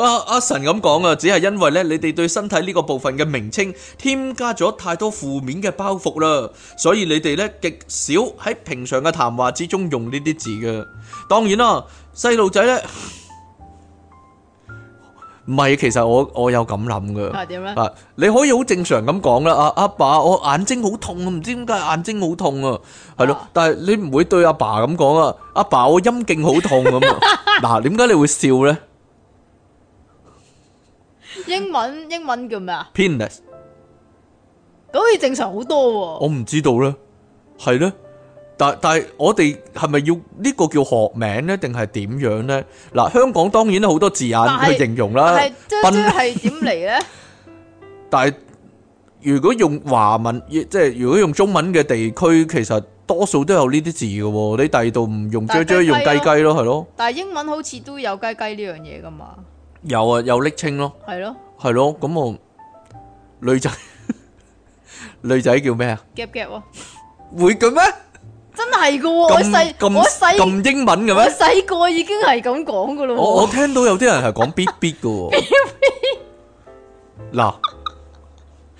啊、阿神咁講啊，只係因為咧，你哋對身體呢個部分嘅名稱添加咗太多負面嘅包袱啦，所以你哋咧極少喺平常嘅談話之中用呢啲字嘅。當然啦、啊，細路仔咧唔係，其實我我有咁諗嘅。係點咧？啊，啊，你可以好正常咁講啦。阿、啊、阿爸，爸，我眼睛好痛，痛啊，唔知點解眼睛好痛啊。係咯，但係你唔會對阿爸咁講啊。阿爸，爸，我陰莖好痛咁。嗱、 啊，點解你會笑咧？英文英文叫咩啊？Penis，咁好似正常好多喎。我唔知道咧，係咧，但但係我哋係咪要呢個叫學名咧，定係點樣咧？嗱，香港當然好多字眼去形容啦。係即係點嚟咧？但係斌 如果用華文，即係如果用中文嘅地區，其實多數都有呢啲字嘅。你第二度唔用 JJ，雞雞啊、用雞雞咯，係咯？但係英文好似都有雞雞呢樣嘢噶嘛？有啊，有瀝青咯。係咯，係咯，咁我女仔女仔叫咩啊？gap gap 會嘅咩？真係嘅喎，我細我細咁英文嘅咩？我細個已經係咁講嘅咯。我我聽到有啲人係講 bi bi 嘅喎嗱，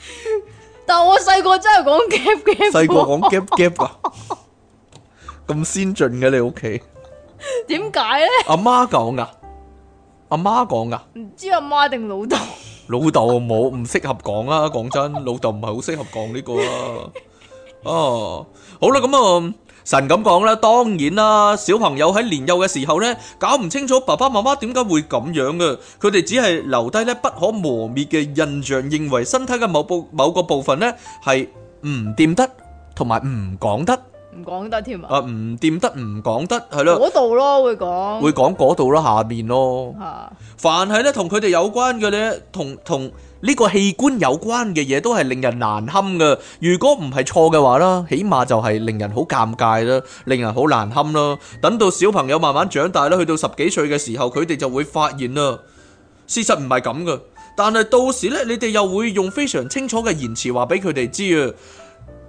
但我細個真係講 gap gap，細個講 gap gap 啊，咁、啊、 先進嘅你屋企？點解咧？阿媽講噶。阿媽講噶，唔知阿媽定老豆。老豆冇唔適合講啊，講真，老豆唔係好適合講呢個啊。哦，好啦，咁啊，神咁講啦，當然啦，小朋友喺年幼嘅時候呢，搞唔清楚爸爸媽媽點解會咁樣噶，佢哋只係留低呢不可磨滅嘅印象，認為身體嘅某部某個部分呢係唔掂得同埋唔講得。唔講得添啊！啊，唔掂得，唔講得係咯。嗰度咯，會講會講嗰度咯，下面咯。啊，凡係咧同佢哋有關嘅咧，同同呢個器官有關嘅嘢，都係令人難堪嘅。如果唔係錯嘅話啦，起碼就係令人好尷尬啦，令人好難堪啦。等到小朋友慢慢長大啦，去到十幾歲嘅時候，佢哋就會發現啦，事實唔係咁噶。但係到時呢，你哋又會用非常清楚嘅言辭話俾佢哋知啊。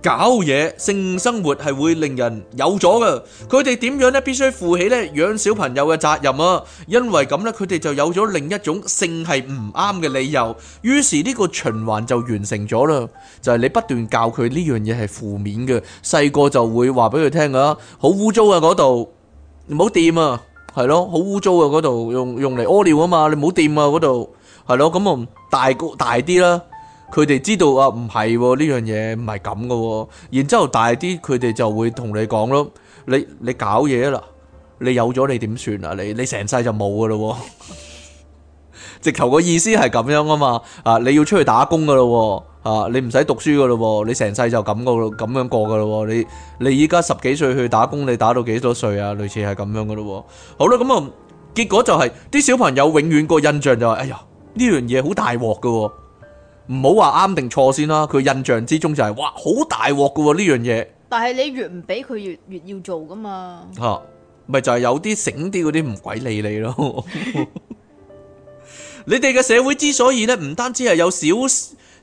搞嘢性生活係會令人有咗噶，佢哋點樣咧必須負起咧養小朋友嘅責任啊！因為咁咧，佢哋就有咗另一種性係唔啱嘅理由，於是呢個循環就完成咗啦。就係、是、你不斷教佢呢樣嘢係負面嘅，細個就會話俾佢聽啊：「好污糟啊嗰度，唔好掂啊，係咯，好污糟啊嗰度、啊，用用嚟屙尿啊嘛，你唔好掂啊嗰度，係咯，咁啊大大啲啦。」佢哋知道啊，唔係喎，呢樣嘢唔係咁嘅。然之後大啲，佢哋就會同你講咯。你你搞嘢啦，你有咗你點算啊？你你成世就冇嘅咯。 直頭個意思係咁樣啊嘛。啊，你要出去打工嘅咯。啊，你唔使讀書嘅咯。你成世就咁嘅咯，咁樣過嘅咯。你你依家十幾歲去打工，你打到幾多歲啊？類似係咁樣嘅咯。好啦，咁、嗯、啊，結果就係、是、啲小朋友永遠個印象就係、是：哎呀，呢樣嘢好大鑊嘅。唔好話啱定錯先啦，佢印象之中就係、是、哇，好大鑊噶呢樣嘢。但係你越唔俾佢越越要做噶嘛。吓、啊，咪就係、是、有啲醒啲嗰啲唔鬼理你咯。 你哋嘅社會之所以咧，唔單止係有少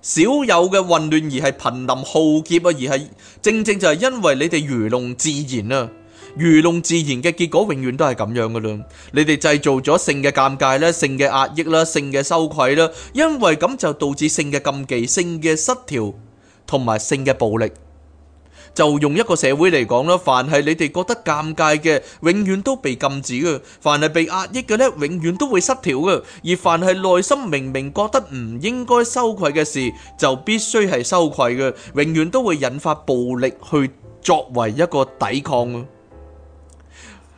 少有嘅混亂，而係瀕臨浩劫啊，而係正正就係因為你哋愚弄自然啊。愚弄自然嘅結果永遠都係咁樣㗎喇，你哋製造咗性嘅尷尬啦，性嘅壓抑啦，性嘅羞愧啦，因為咁就導致性嘅禁忌、性嘅失調同埋性嘅暴力。就用一個社會嚟講啦，凡係你哋覺得尷尬嘅，永遠都被禁止嘅；凡係被壓抑嘅呢，永遠都會失調嘅。而凡係內心明明覺得唔應該羞愧嘅事，就必須係羞愧嘅，永遠都會引發暴力去作為一個抵抗啊！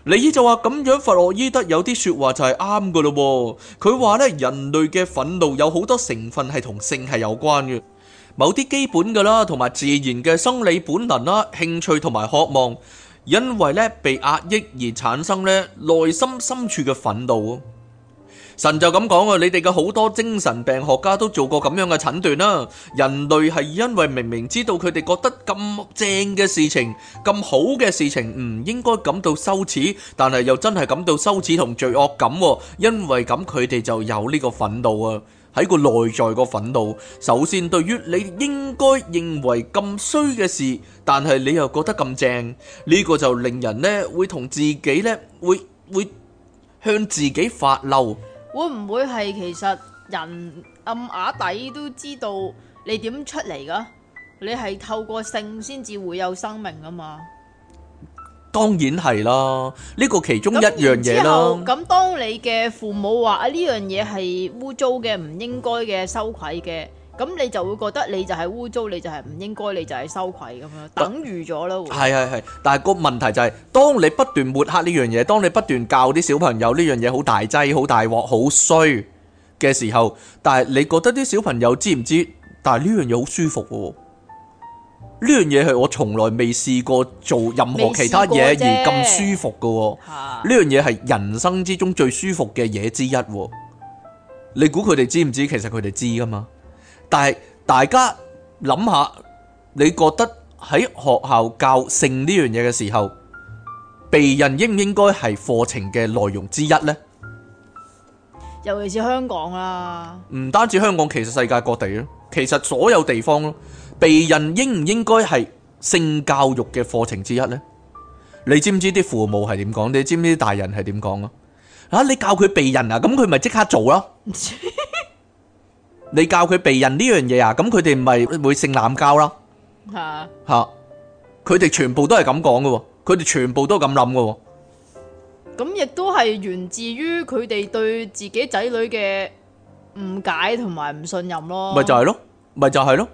李姨就話，咁樣，弗洛伊德有啲說話就係啱㗎咯。佢話咧，人類嘅憤怒有好多成分係同性係有關嘅，某啲基本㗎啦，同埋自然嘅生理本能啦、興趣同埋渴望，因為咧被壓抑而產生咧內心深處嘅憤怒。神就咁講啊！你哋嘅好多精神病學家都做過咁樣嘅診斷啦。人類係因為明明知道佢哋覺得咁正嘅事情，咁好嘅事情唔、嗯、應該感到羞恥，但係又真係感到羞恥同罪惡感，啊，因為咁佢哋就有呢個憤怒啊，喺個內在個憤怒。首先，對於你應該認為咁衰嘅事，但係你又覺得咁正，呢、呢個就令人呢會同自己呢會會向自己發嬲。會唔會係其實人暗啞底都知道你點出嚟噶？你係透過性先至會有生命啊嘛？當然係啦，呢個其中一樣嘢啦。咁當你嘅父母話啊，呢樣嘢係污糟嘅、唔應該嘅、羞愧嘅。咁你就會覺得你就係污糟，你就係唔應該，你就係羞愧咁樣，等於咗啦。係係係，但係個問題就係，是，當你不斷抹黑呢樣嘢，當你不斷教啲小朋友呢樣嘢好大劑、好大鑊、好衰嘅時候，但係你覺得啲小朋友知唔知？但係呢樣嘢好舒服嘅，呢樣嘢係我從來未試過做任何其他嘢而咁舒服嘅。呢樣嘢係人生之中最舒服嘅嘢之一。你估佢哋知唔知？其實佢哋知噶嘛？但係大家諗下，你覺得喺學校教性呢樣嘢嘅時候，避孕應唔應該係課程嘅內容之一呢？尤其是香港啦，唔單止香港，其實世界各地咯，其實所有地方咯，避孕應唔應該係性教育嘅課程之一呢？你知唔知啲父母係點講？你知唔知啲大人係點講咯？啊，你教佢避孕啊，咁佢咪即刻做咯？你教佢避孕呢樣嘢啊，咁佢哋唔係會性濫交咯，吓，佢哋全部都係咁講嘅，佢哋全部都係咁諗嘅，咁亦都係源自於佢哋對自己仔女嘅誤解同埋唔信任咯。咪就係咯，咪就係咯。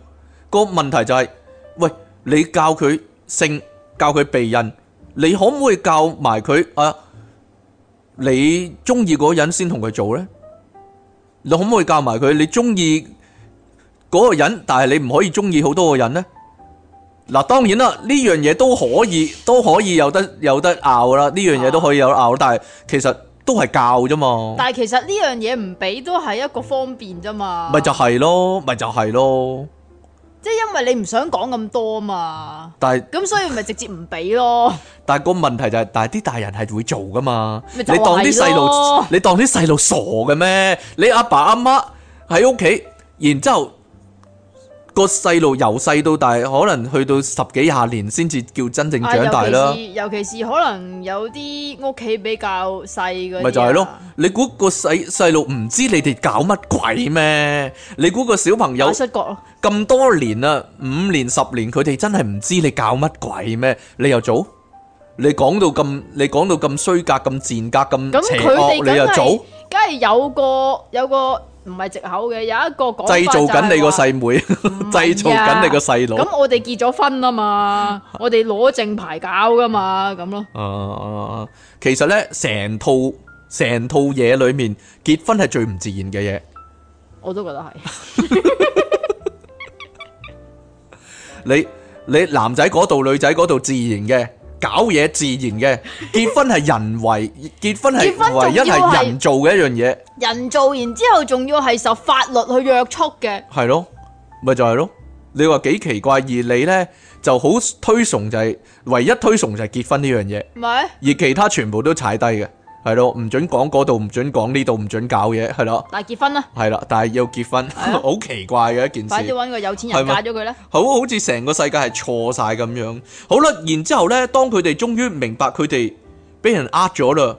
個問題就係，喂，你教佢性，教佢避孕，你可唔可以教埋佢啊，你中意嗰個人先同佢做咧。你可唔可以教埋佢？你中意嗰個人，但係你唔可以中意好多個人呢？嗱，當然啦，呢樣嘢都可以，都可以有得有得拗啦。呢樣嘢都可以有拗，但係其實都係教啫嘛。但係其實呢樣嘢唔俾都係一個方便啫嘛。咪就係咯，咪就係咯。即係因為你唔想講咁多嘛，但係咁所以咪直接唔俾咯。但係個問題就係，但係啲大人係會做噶嘛，你，你當啲細路，你當啲細路傻嘅咩？你阿爸阿媽喺屋企，然之後。個細路由細到大，可能去到十幾廿年先至叫真正長大啦。尤其是，尤其是可能有啲屋企比較細嘅。咪就係咯，你估個細細路唔知你哋搞乜鬼咩？你估個小朋友出國咁多年啦，五年、十年，佢哋真係唔知你搞乜鬼咩？你又做？你講到咁，你講到咁衰格、咁賤格、咁邪惡，你又做？梗係有個有個。唔係藉口嘅，有一個講法就話，製造緊你個細妹，妹，啊、製造緊你個細佬。咁我哋結咗婚啊嘛， 我哋攞正牌搞噶嘛，咁咯。啊，其實呢，成套成套嘢裏面，結婚係最唔自然嘅嘢。我都覺得係 你你男仔嗰度，女仔嗰度自然嘅。搞嘢自然嘅，結婚係人為，結婚係唯一係人做嘅一樣嘢。人做完之後，仲要係受法律去約束嘅。係咯，咪就係咯。你話幾奇怪，而你呢就好推崇就係唯一推崇就係結婚呢樣嘢。唔係，而其他全部都踩低嘅。係咯，唔准講嗰度，唔准講呢度，唔准搞嘢，係咯。但係結婚啦，係啦，但係要結婚，好奇怪嘅一件事。快啲揾個有錢人嫁咗佢啦。好，好似成個世界係錯晒咁樣。好啦，然之後呢，當佢哋終於明白佢哋俾人呃咗啦，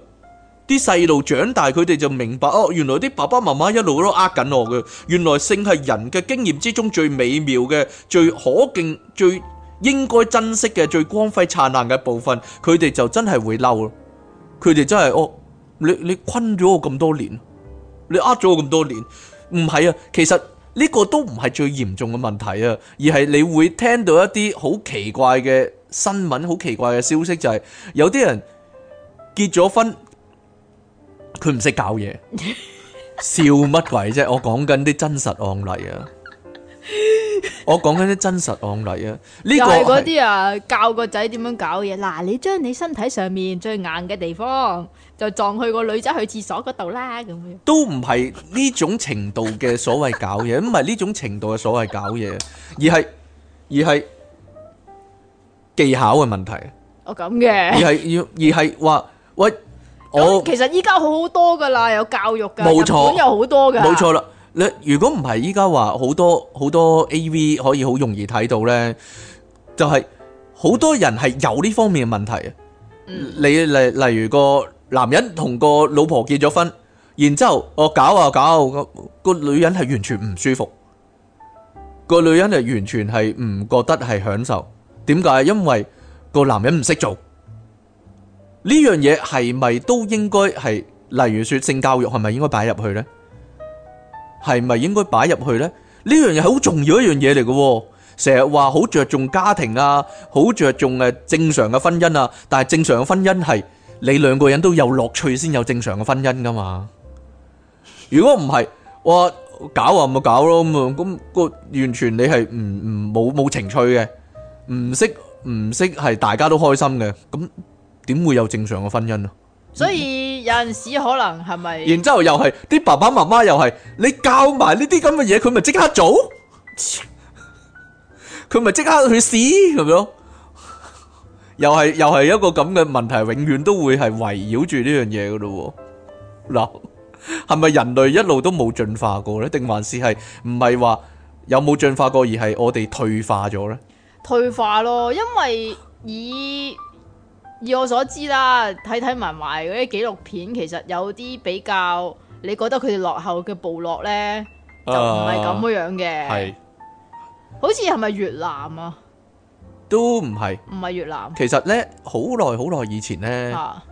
啲細路長大，佢哋就明白哦，原來啲爸爸媽媽一路都呃緊我嘅。原來性係人嘅經驗之中最美妙嘅，最可敬、最應該珍惜嘅，最光輝燦爛嘅部分，佢哋就真係會嬲。佢哋真係哦，你你困咗我咁多年，你呃咗我咁多年，唔係啊，其實呢個都唔係最嚴重嘅問題啊，而係你會聽到一啲好奇怪嘅新聞，好奇怪嘅消息就係有啲人結咗婚，佢唔識搞嘢，笑乜鬼啫？我講緊啲真實案例啊。我講緊啲真實案例啊，呢個係嗰啲啊，教個仔點樣搞嘢。嗱，你將你身體上面最硬嘅地方就撞去個女仔去廁所嗰度啦，咁樣都唔係呢種程度嘅所謂搞嘢，唔係呢種程度嘅所謂搞嘢，而係而係技巧嘅問題。哦，咁嘅，而係要而係話喂，我其實依家好好多噶啦，有教育噶，冇錯，有好多噶，冇錯啦。你如果唔係依家話好多好多 A.V. 可以好容易睇到呢，就係、是、好多人係有呢方面嘅問題啊。嗯、你例例如個男人同個老婆結咗婚，然之後我、哦、搞啊搞啊，個、哦、個女人係完全唔舒服，個女人係完全係唔覺得係享受。點解？因為個男人唔識做呢樣嘢，係咪都應該係？例如說性教育，係咪應該擺入去呢？係咪應該擺入去呢？呢樣嘢係好重要一樣嘢嚟嘅，成日話好着重家庭啊，好着重誒正常嘅婚姻啊。但係正常嘅婚姻係你兩個人都有樂趣先有正常嘅婚姻噶嘛。如果唔係，哇，搞啊咪搞咯咁啊，咁個完全你係唔唔冇冇情趣嘅，唔識唔識係大家都開心嘅，咁點會有正常嘅婚姻啊？所以有陣時可能係咪？然之後又係啲爸爸媽媽又係你教埋呢啲咁嘅嘢，佢咪即刻做？佢咪即刻去試咁樣？又係又係一個咁嘅問題，永遠都會係圍繞住呢樣嘢噶咯。嗱，係咪人類一路都冇進化過咧？定還是係唔係話有冇進化過而係我哋退化咗咧？退化咯，因為以。以我所知啦，睇睇埋埋嗰啲紀錄片，其實有啲比較你覺得佢哋落後嘅部落呢，就唔係咁樣嘅。係、啊，好似係咪越南啊？都唔係，唔係越南。其實呢，好耐好耐以前呢，啊、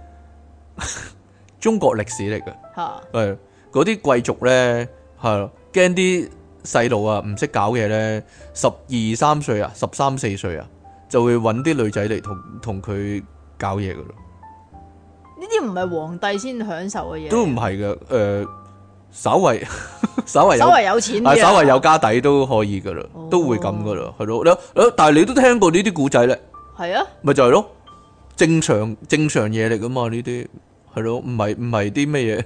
中國歷史嚟嘅。嚇、啊，嗰啲貴族呢，係驚啲細路啊，唔識搞嘢呢，十二三歲啊，十三四歲啊，就會揾啲女仔嚟同同佢搞嘢噶啦！呢啲唔係皇帝先享受嘅嘢，都唔係嘅。誒、呃，稍微，稍微，稍微有，稍微有錢，啊，稍微有家底都可以噶啦，oh、都會咁噶啦，係咯。誒，但係你都聽過呢啲古仔咧，係啊的，咪就係咯，正常，正常嘢嚟噶嘛。呢啲係咯，唔係唔係啲咩嘢，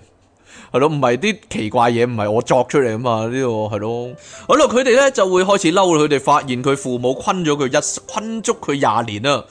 係咯，唔係啲奇怪嘢，唔係我作出嚟啊嘛。嗯、呢個係咯，好啦，佢哋咧就會開始嬲。佢哋發現佢父母坤咗佢一坤足佢廿年啊！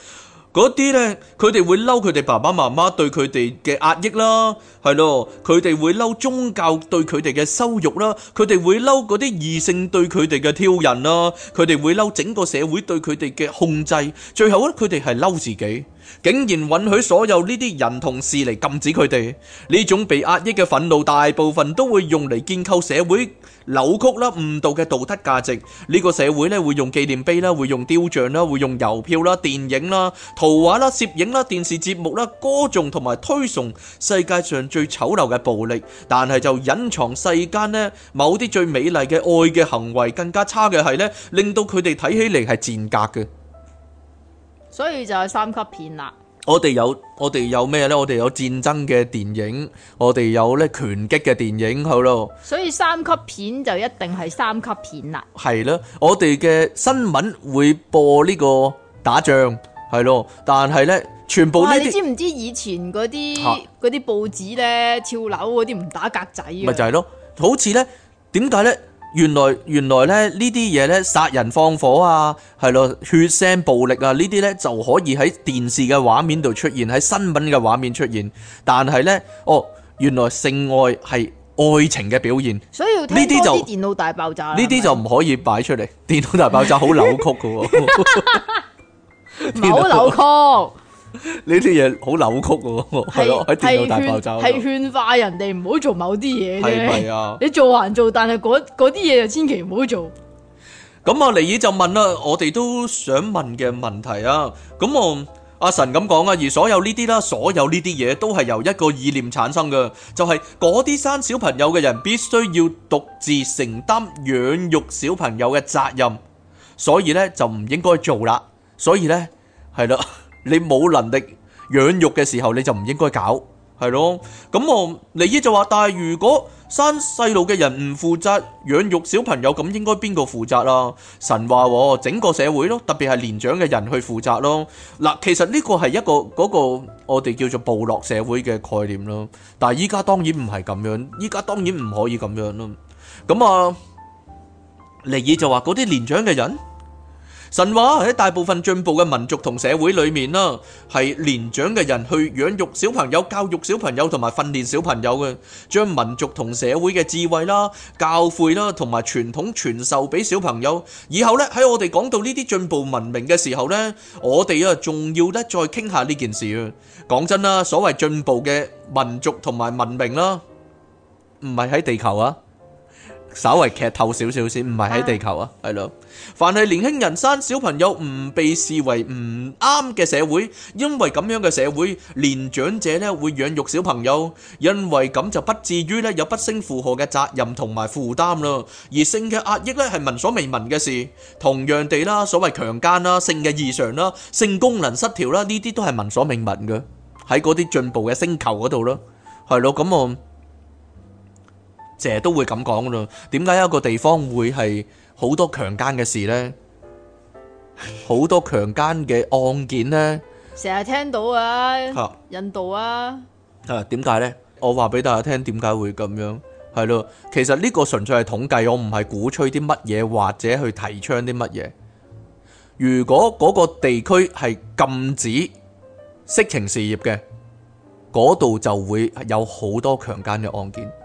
嗰啲咧，佢哋會嬲佢哋爸爸媽媽對佢哋嘅壓抑啦，係咯，佢哋會嬲宗教對佢哋嘅羞辱啦，佢哋會嬲嗰啲異性對佢哋嘅挑釁啦，佢哋會嬲整個社會對佢哋嘅控制，最後咧，佢哋係嬲自己。竟然允許所有呢啲人同事嚟禁止佢哋，呢種被壓抑嘅憤怒，大部分都會用嚟建構社會扭曲啦、誤導嘅道德價值。呢個社會咧會用紀念碑啦，會用雕像啦，會用郵票啦、電影啦、圖畫啦、攝影啦、電視節目啦、歌頌同埋推崇世界上最醜陋嘅暴力，但係就隱藏世間咧某啲最美麗嘅愛嘅行為。更加差嘅係咧，令到佢哋睇起嚟係賤格嘅。所以就係三級片啦。我哋有我哋有咩呢？我哋有戰爭嘅電影，我哋有咧拳擊嘅電影，好咯。所以三級片就一定係三級片啦。係咯，我哋嘅新聞會播呢個打仗，係咯。但係呢，全部呢啲、啊，你知唔知以前嗰啲嗰啲報紙呢？跳樓嗰啲唔打格仔嘅咪就係咯，好似呢，點解呢？原來，原來咧，呢啲嘢咧，殺人放火啊，係咯，血腥暴力啊，呢啲咧就可以喺電視嘅畫面度出現，喺新聞嘅畫面出現，但係咧哦，原來性愛係愛情嘅表現，所以要聽多啲電腦大爆炸。呢啲就唔吧可以擺出嚟，電腦大爆炸好扭曲嘅喎，好扭曲。呢啲嘢好扭曲嘅、啊，係咯喺電腦大爆炸，係勸，勸化人哋唔好做某啲嘢嘅。係啊，你做還做，但係嗰啲嘢就千祈唔好做。咁阿尼爾就問啦，我哋都想問嘅問題啊。咁我阿神咁講啊，而所有呢啲啦，所有呢啲嘢都係由一個意念產生嘅，就係嗰啲生小朋友嘅人必須要獨自承擔養育小朋友嘅責任，所以呢就唔應該做啦。所以呢，係啦。你冇能力養育嘅時候，你就唔應該搞，係咯？咁、嗯、我尼爾就話，但係如果生細路嘅人唔負責養育小朋友，咁應該邊個負責啦、啊？神話、哦、整個社會咯，特別係年長嘅人去負責咯。嗱、啊，其實呢個係一個嗰、嗰個我哋叫做部落社會嘅概念咯。但係依家當然唔係咁樣，依家當然唔可以咁樣咯。咁、嗯、啊，尼爾就話嗰啲年長嘅人。神話，喺大部分進步嘅民族同社會裏面啦，係年長嘅人去養育小朋友、教育小朋友同埋訓練小朋友嘅，將民族同社會嘅智慧啦、教誨啦同埋傳統傳授俾小朋友。以後咧喺我哋講到呢啲進步文明嘅時候咧，我哋啊仲要咧再傾下呢件事啊！講真啦，所謂進步嘅民族同埋文明啦，唔係喺地球啊！稍微劇透少少先，唔係喺地球啊，係咯。凡係年輕人生小朋友唔被視為唔啱嘅社會，因為咁樣嘅社會，年長者呢會養育小朋友，因為咁就不至於呢有不勝負荷嘅責任同埋負擔咯。而性嘅壓抑呢係聞所未聞嘅事，同樣地啦，所謂強姦啦、性嘅異常啦、性功能失調啦，呢啲都係聞所未聞嘅喺嗰啲進步嘅星球嗰度咯，係咯咁我。成日都會咁講㗎喇，點解一個地方會係好多強姦嘅事呢？好多強姦嘅案件呢，成日聽到啊，印度啊，啊點解呢？我話俾大家聽，點解會咁樣？係咯，其實呢個純粹係統計，我唔係鼓吹啲乜嘢或者去提倡啲乜嘢。如果嗰個地區係禁止色情事業嘅，嗰度就會有好多強姦嘅案件。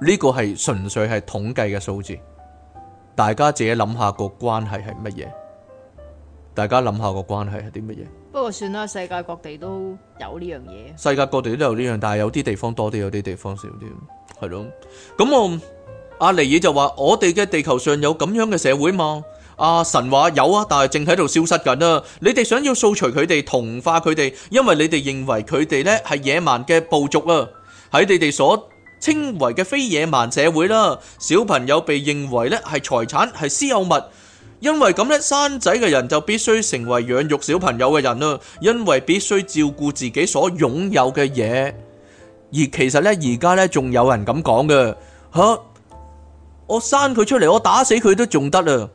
呢個係純粹係統計嘅數字，大家自己諗下個關係係乜嘢？大家諗下個關係係啲乜嘢？不過算啦，世界各地都有呢樣嘢。世界各地都有呢樣，但係有啲地方多啲，有啲地方少啲，係咯。咁我阿尼爾就話：我哋嘅地球上有咁樣嘅社會嘛？阿神話有啊，但係正喺度消失緊啊。你哋想要掃除佢哋，同化佢哋，因為你哋認為佢哋呢係野蠻嘅部族啊，喺你哋所。稱為嘅非野蠻社會啦，小朋友被認為咧係財產，係私有物，因為咁咧，生仔嘅人就必須成為養育小朋友嘅人啦，因為必須照顧自己所擁有嘅嘢。而其實咧，而家咧，仲有人咁講嘅吓，我生佢出嚟，我打死佢都仲得啊！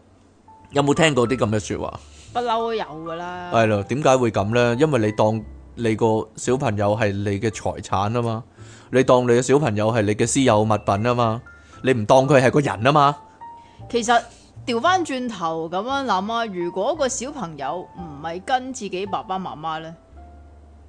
有冇聽過啲咁嘅說話？不嬲都有噶啦。係咯，點解會咁咧？因為你當你個小朋友係你嘅財產啊嘛。你當你嘅小朋友係你嘅私有物品啊嘛，你唔當佢係個人啊嘛。其實調翻轉頭咁樣諗啊，如果個小朋友唔係跟自己爸爸媽媽呢，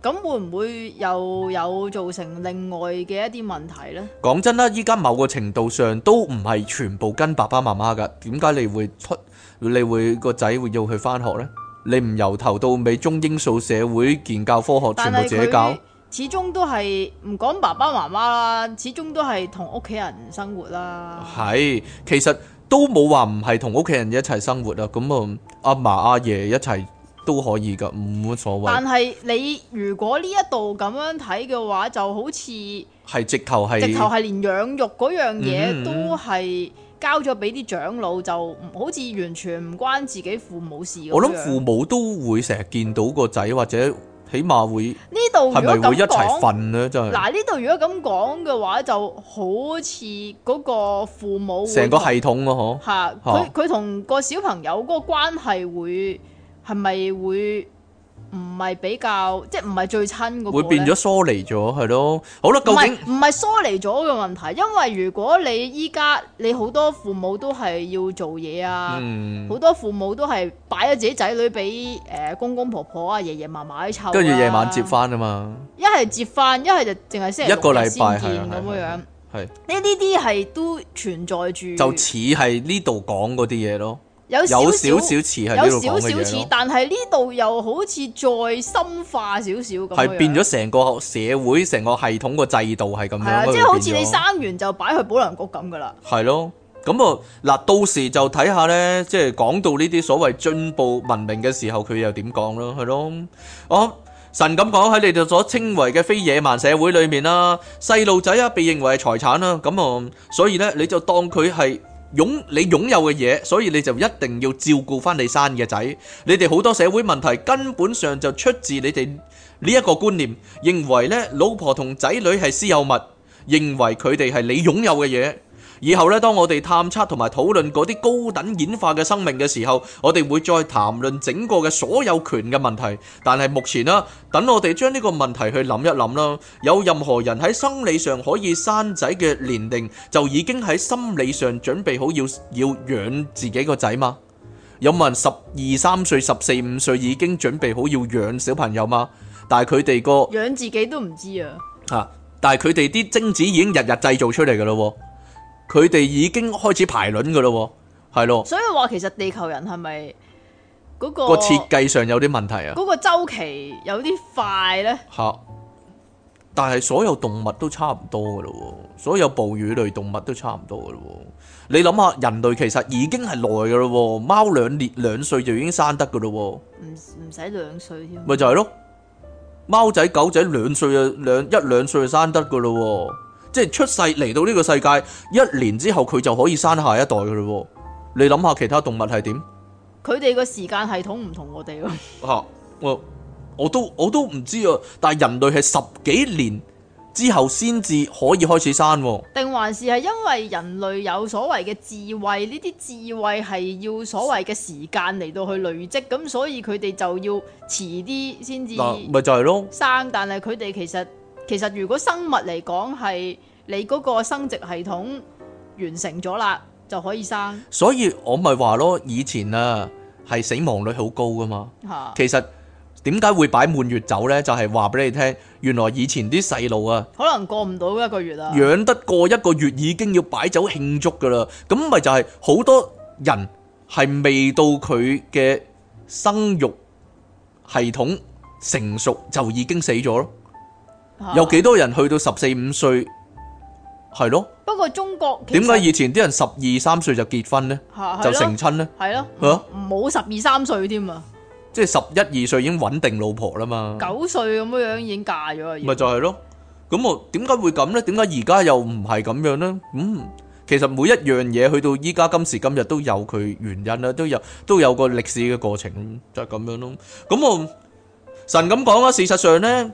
咁會唔會又有造成另外嘅一啲問題呢？講真啦，依家某個程度上都唔係全部跟爸爸媽媽噶點解你會出你會個仔會要去翻學呢？你唔由頭到尾中英數社會健教科學全部自己教？始終都係唔講爸爸媽媽啦，始終都係同屋企人生活啦。係，其實都冇話唔係同屋企人一齊生活啊。咁、嗯、啊，阿嫲阿爺一齊都可以噶，冇乜所謂。但係你如果呢一度咁樣睇嘅話，就好似係直頭係直頭係連養育嗰樣嘢都係交咗俾啲長老，嗯、就好似完全唔關自己父母事。我諗父母都會成日見到個仔，或者起碼會。係咪會一齊瞓咧？真係嗱，呢度如果咁講嘅話，就好似嗰個父母成個系統咯，嗬。吓，佢佢同個小朋友嗰個關係會係咪會？是唔係比較，即係唔係最親嗰個？會變咗疏離咗，係咯。好啦，究竟唔係疏離咗嘅問題，因為如果你依家你好多父母都係要做嘢啊，好多父母都係擺咗自己仔女俾誒公公婆婆啊、爺爺嫲嫲去湊，跟住夜晚接翻啊嘛。一係接翻，一係就淨係星期六日先見咁樣樣。係呢？呢啲係都存在住，就似係呢度講嗰啲嘢咯。有少少似，似，有少有少似，但係呢度又好似再深化少少咁。係變咗成個社會、成個系統個制度係咁樣。係啊的，即係好似你生完就擺去保良局咁噶啦。係咯，咁啊嗱，到時就睇下呢，即係講到呢啲所謂進步文明嘅時候，佢又點講咯？係咯，我、啊、神咁講，喺你哋所稱為嘅非野蠻社會裏面啦，細路仔啊被認為係財產啦，咁啊，所以呢，你就當佢係。擁你擁有嘅嘢，所以你就一定要照顧翻你生嘅仔。你哋好多社會問題根本上就出自你哋呢一個觀念，認為呢，老婆同仔女係私有物，認為佢哋係你擁有嘅嘢。以後咧，當我哋探測同埋討論嗰啲高等演化嘅生命嘅時候，我哋會再談論整個嘅所有權嘅問題。但係目前啦，等我哋將呢個問題去諗一諗啦。有任何人喺生理上可以生仔嘅年齡，就已經喺心理上準備好要要養自己個仔嗎？有冇人十二三歲、十四五歲已經準備好要養小朋友嗎？但係佢哋個養自己都唔知啊。嚇、啊！但係佢哋啲精子已經日日製造出嚟嘅咯喎。佢哋已經開始排卵嘅咯，係咯。所以話其實地球人係咪嗰個設計上有啲問題啊？嗰個週期有啲快呢，嚇！但係所有動物都差唔多嘅咯，所有哺乳類動物都差唔多嘅咯。你諗下，人類其實已經係耐嘅咯，貓兩年兩歲就已經生得嘅咯。唔唔使兩歲添。咪就係咯，貓仔狗仔兩歲啊，兩一兩歲就生得嘅咯。即係出世嚟到呢個世界一年之後，佢就可以生下一代噶啦。你諗下其他動物係點？佢哋個時間系統唔同我哋咯。吓、 啊，我我都我都唔知啊。但係人類係十幾年之後先至可以開始生、啊。定還是係因為人類有所謂嘅智慧，呢啲智慧係要所謂嘅時間嚟到去累積，咁所以佢哋就要遲啲先至。咪就係咯。生，啊就是、但係佢哋其實。其實如果生物嚟講，係你嗰個生殖系統完成咗啦，就可以生。所以我咪話咯，以前啊係死亡率好高噶嘛。吓，其實點解會擺滿月酒呢？就係話俾你聽，原來以前啲細路啊，可能過唔到一個月啊，養得過一個月已經要擺酒慶祝噶啦。咁咪就係好多人係未到佢嘅生育系統成熟就已經死咗咯。有幾多人去到十四五歲係咯？不過中國點解以前啲人十二三歲就結婚咧，就成親咧？係咯，冇十二三歲添啊！即係十一二歲已經穩定老婆啦嘛。九歲咁樣樣已經嫁咗啦，咪就係咯。咁我點解會咁咧？點解而家又唔係咁樣咧？嗯，其實每一樣嘢去到依家今時今日都有佢原因啦，都有都有個歷史嘅過程，就係咁樣咯。咁我神咁講啦，事實上咧。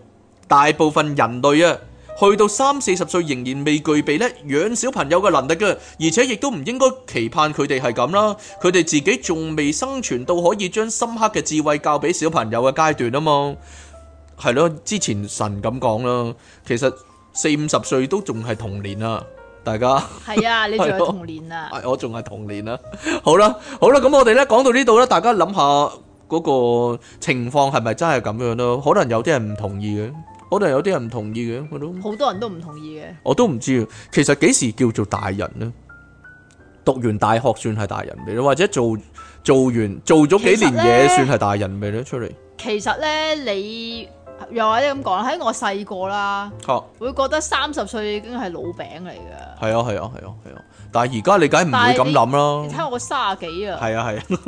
大部分人類啊，去到三四十歲仍然未具備咧養小朋友嘅能力嘅，而且亦都唔應該期盼佢哋係咁啦。佢哋自己仲未生存到可以將深刻嘅智慧教俾小朋友嘅階段啊嘛。係咯，之前神咁講啦，其實四五十歲都仲係童年啊，大家。係啊， 的你仲係童年啊，我仲係童年啊。好啦，好啦，咁我哋咧講到呢度咧，大家諗下嗰個情況係咪真係咁樣咯？可能有啲人唔同意嘅。我哋有啲人唔同意嘅，我都好多人都唔同意嘅，我都唔知，其實幾時叫做大人呢？讀完大學算係大人未咧？或者做做完做咗幾年嘢算係大人未咧？出嚟其實呢，你又或者咁講喺我細個啦，會覺得三十歲已經係老餅嚟嘅。係啊，係啊，係啊，係啊！但係而家你梗唔會咁諗啦。你睇我三十幾啊？係啊，係啊！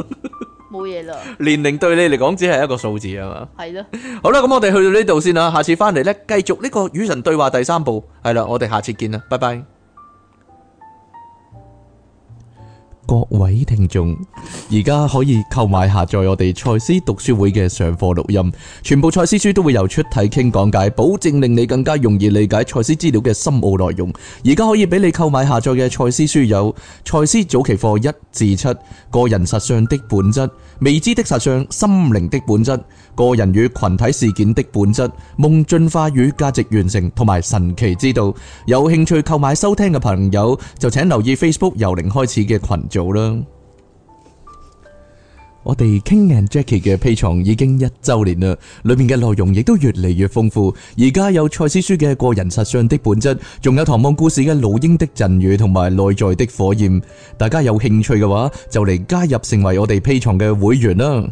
冇嘢啦，年齡對你嚟講只係一個數字啊嘛，係咯的，好啦，咁我哋去到呢度先啦，下次翻嚟呢，繼續呢個與神對話第三部，係啦，我哋下次見啦，拜拜。各位聽眾，而家可以購買下載我哋塞斯讀書會嘅上課錄音，全部塞斯書都會由出體傾講解，保證令你更加容易理解塞斯資料嘅深奧內容。而家可以俾你購買下載嘅塞斯書有《塞斯早期課一至七》、《個人實相的本質》。未知的實相、心靈的本質、個人與群體事件的本質、夢進化與價值完成同埋神奇之道。有興趣購買收聽嘅朋友，就請留意 Facebook 由零開始嘅群組啦。我哋 King and Jackie 嘅 Patreon 已經一周年啦，裏面嘅內容亦都越嚟越豐富。而家有賽斯書嘅個人實相的本質，仲有唐望故事嘅老鷹的贈予同埋內在的火焰。大家有興趣嘅話，就嚟加入成為我哋 Patreon 嘅會員啦。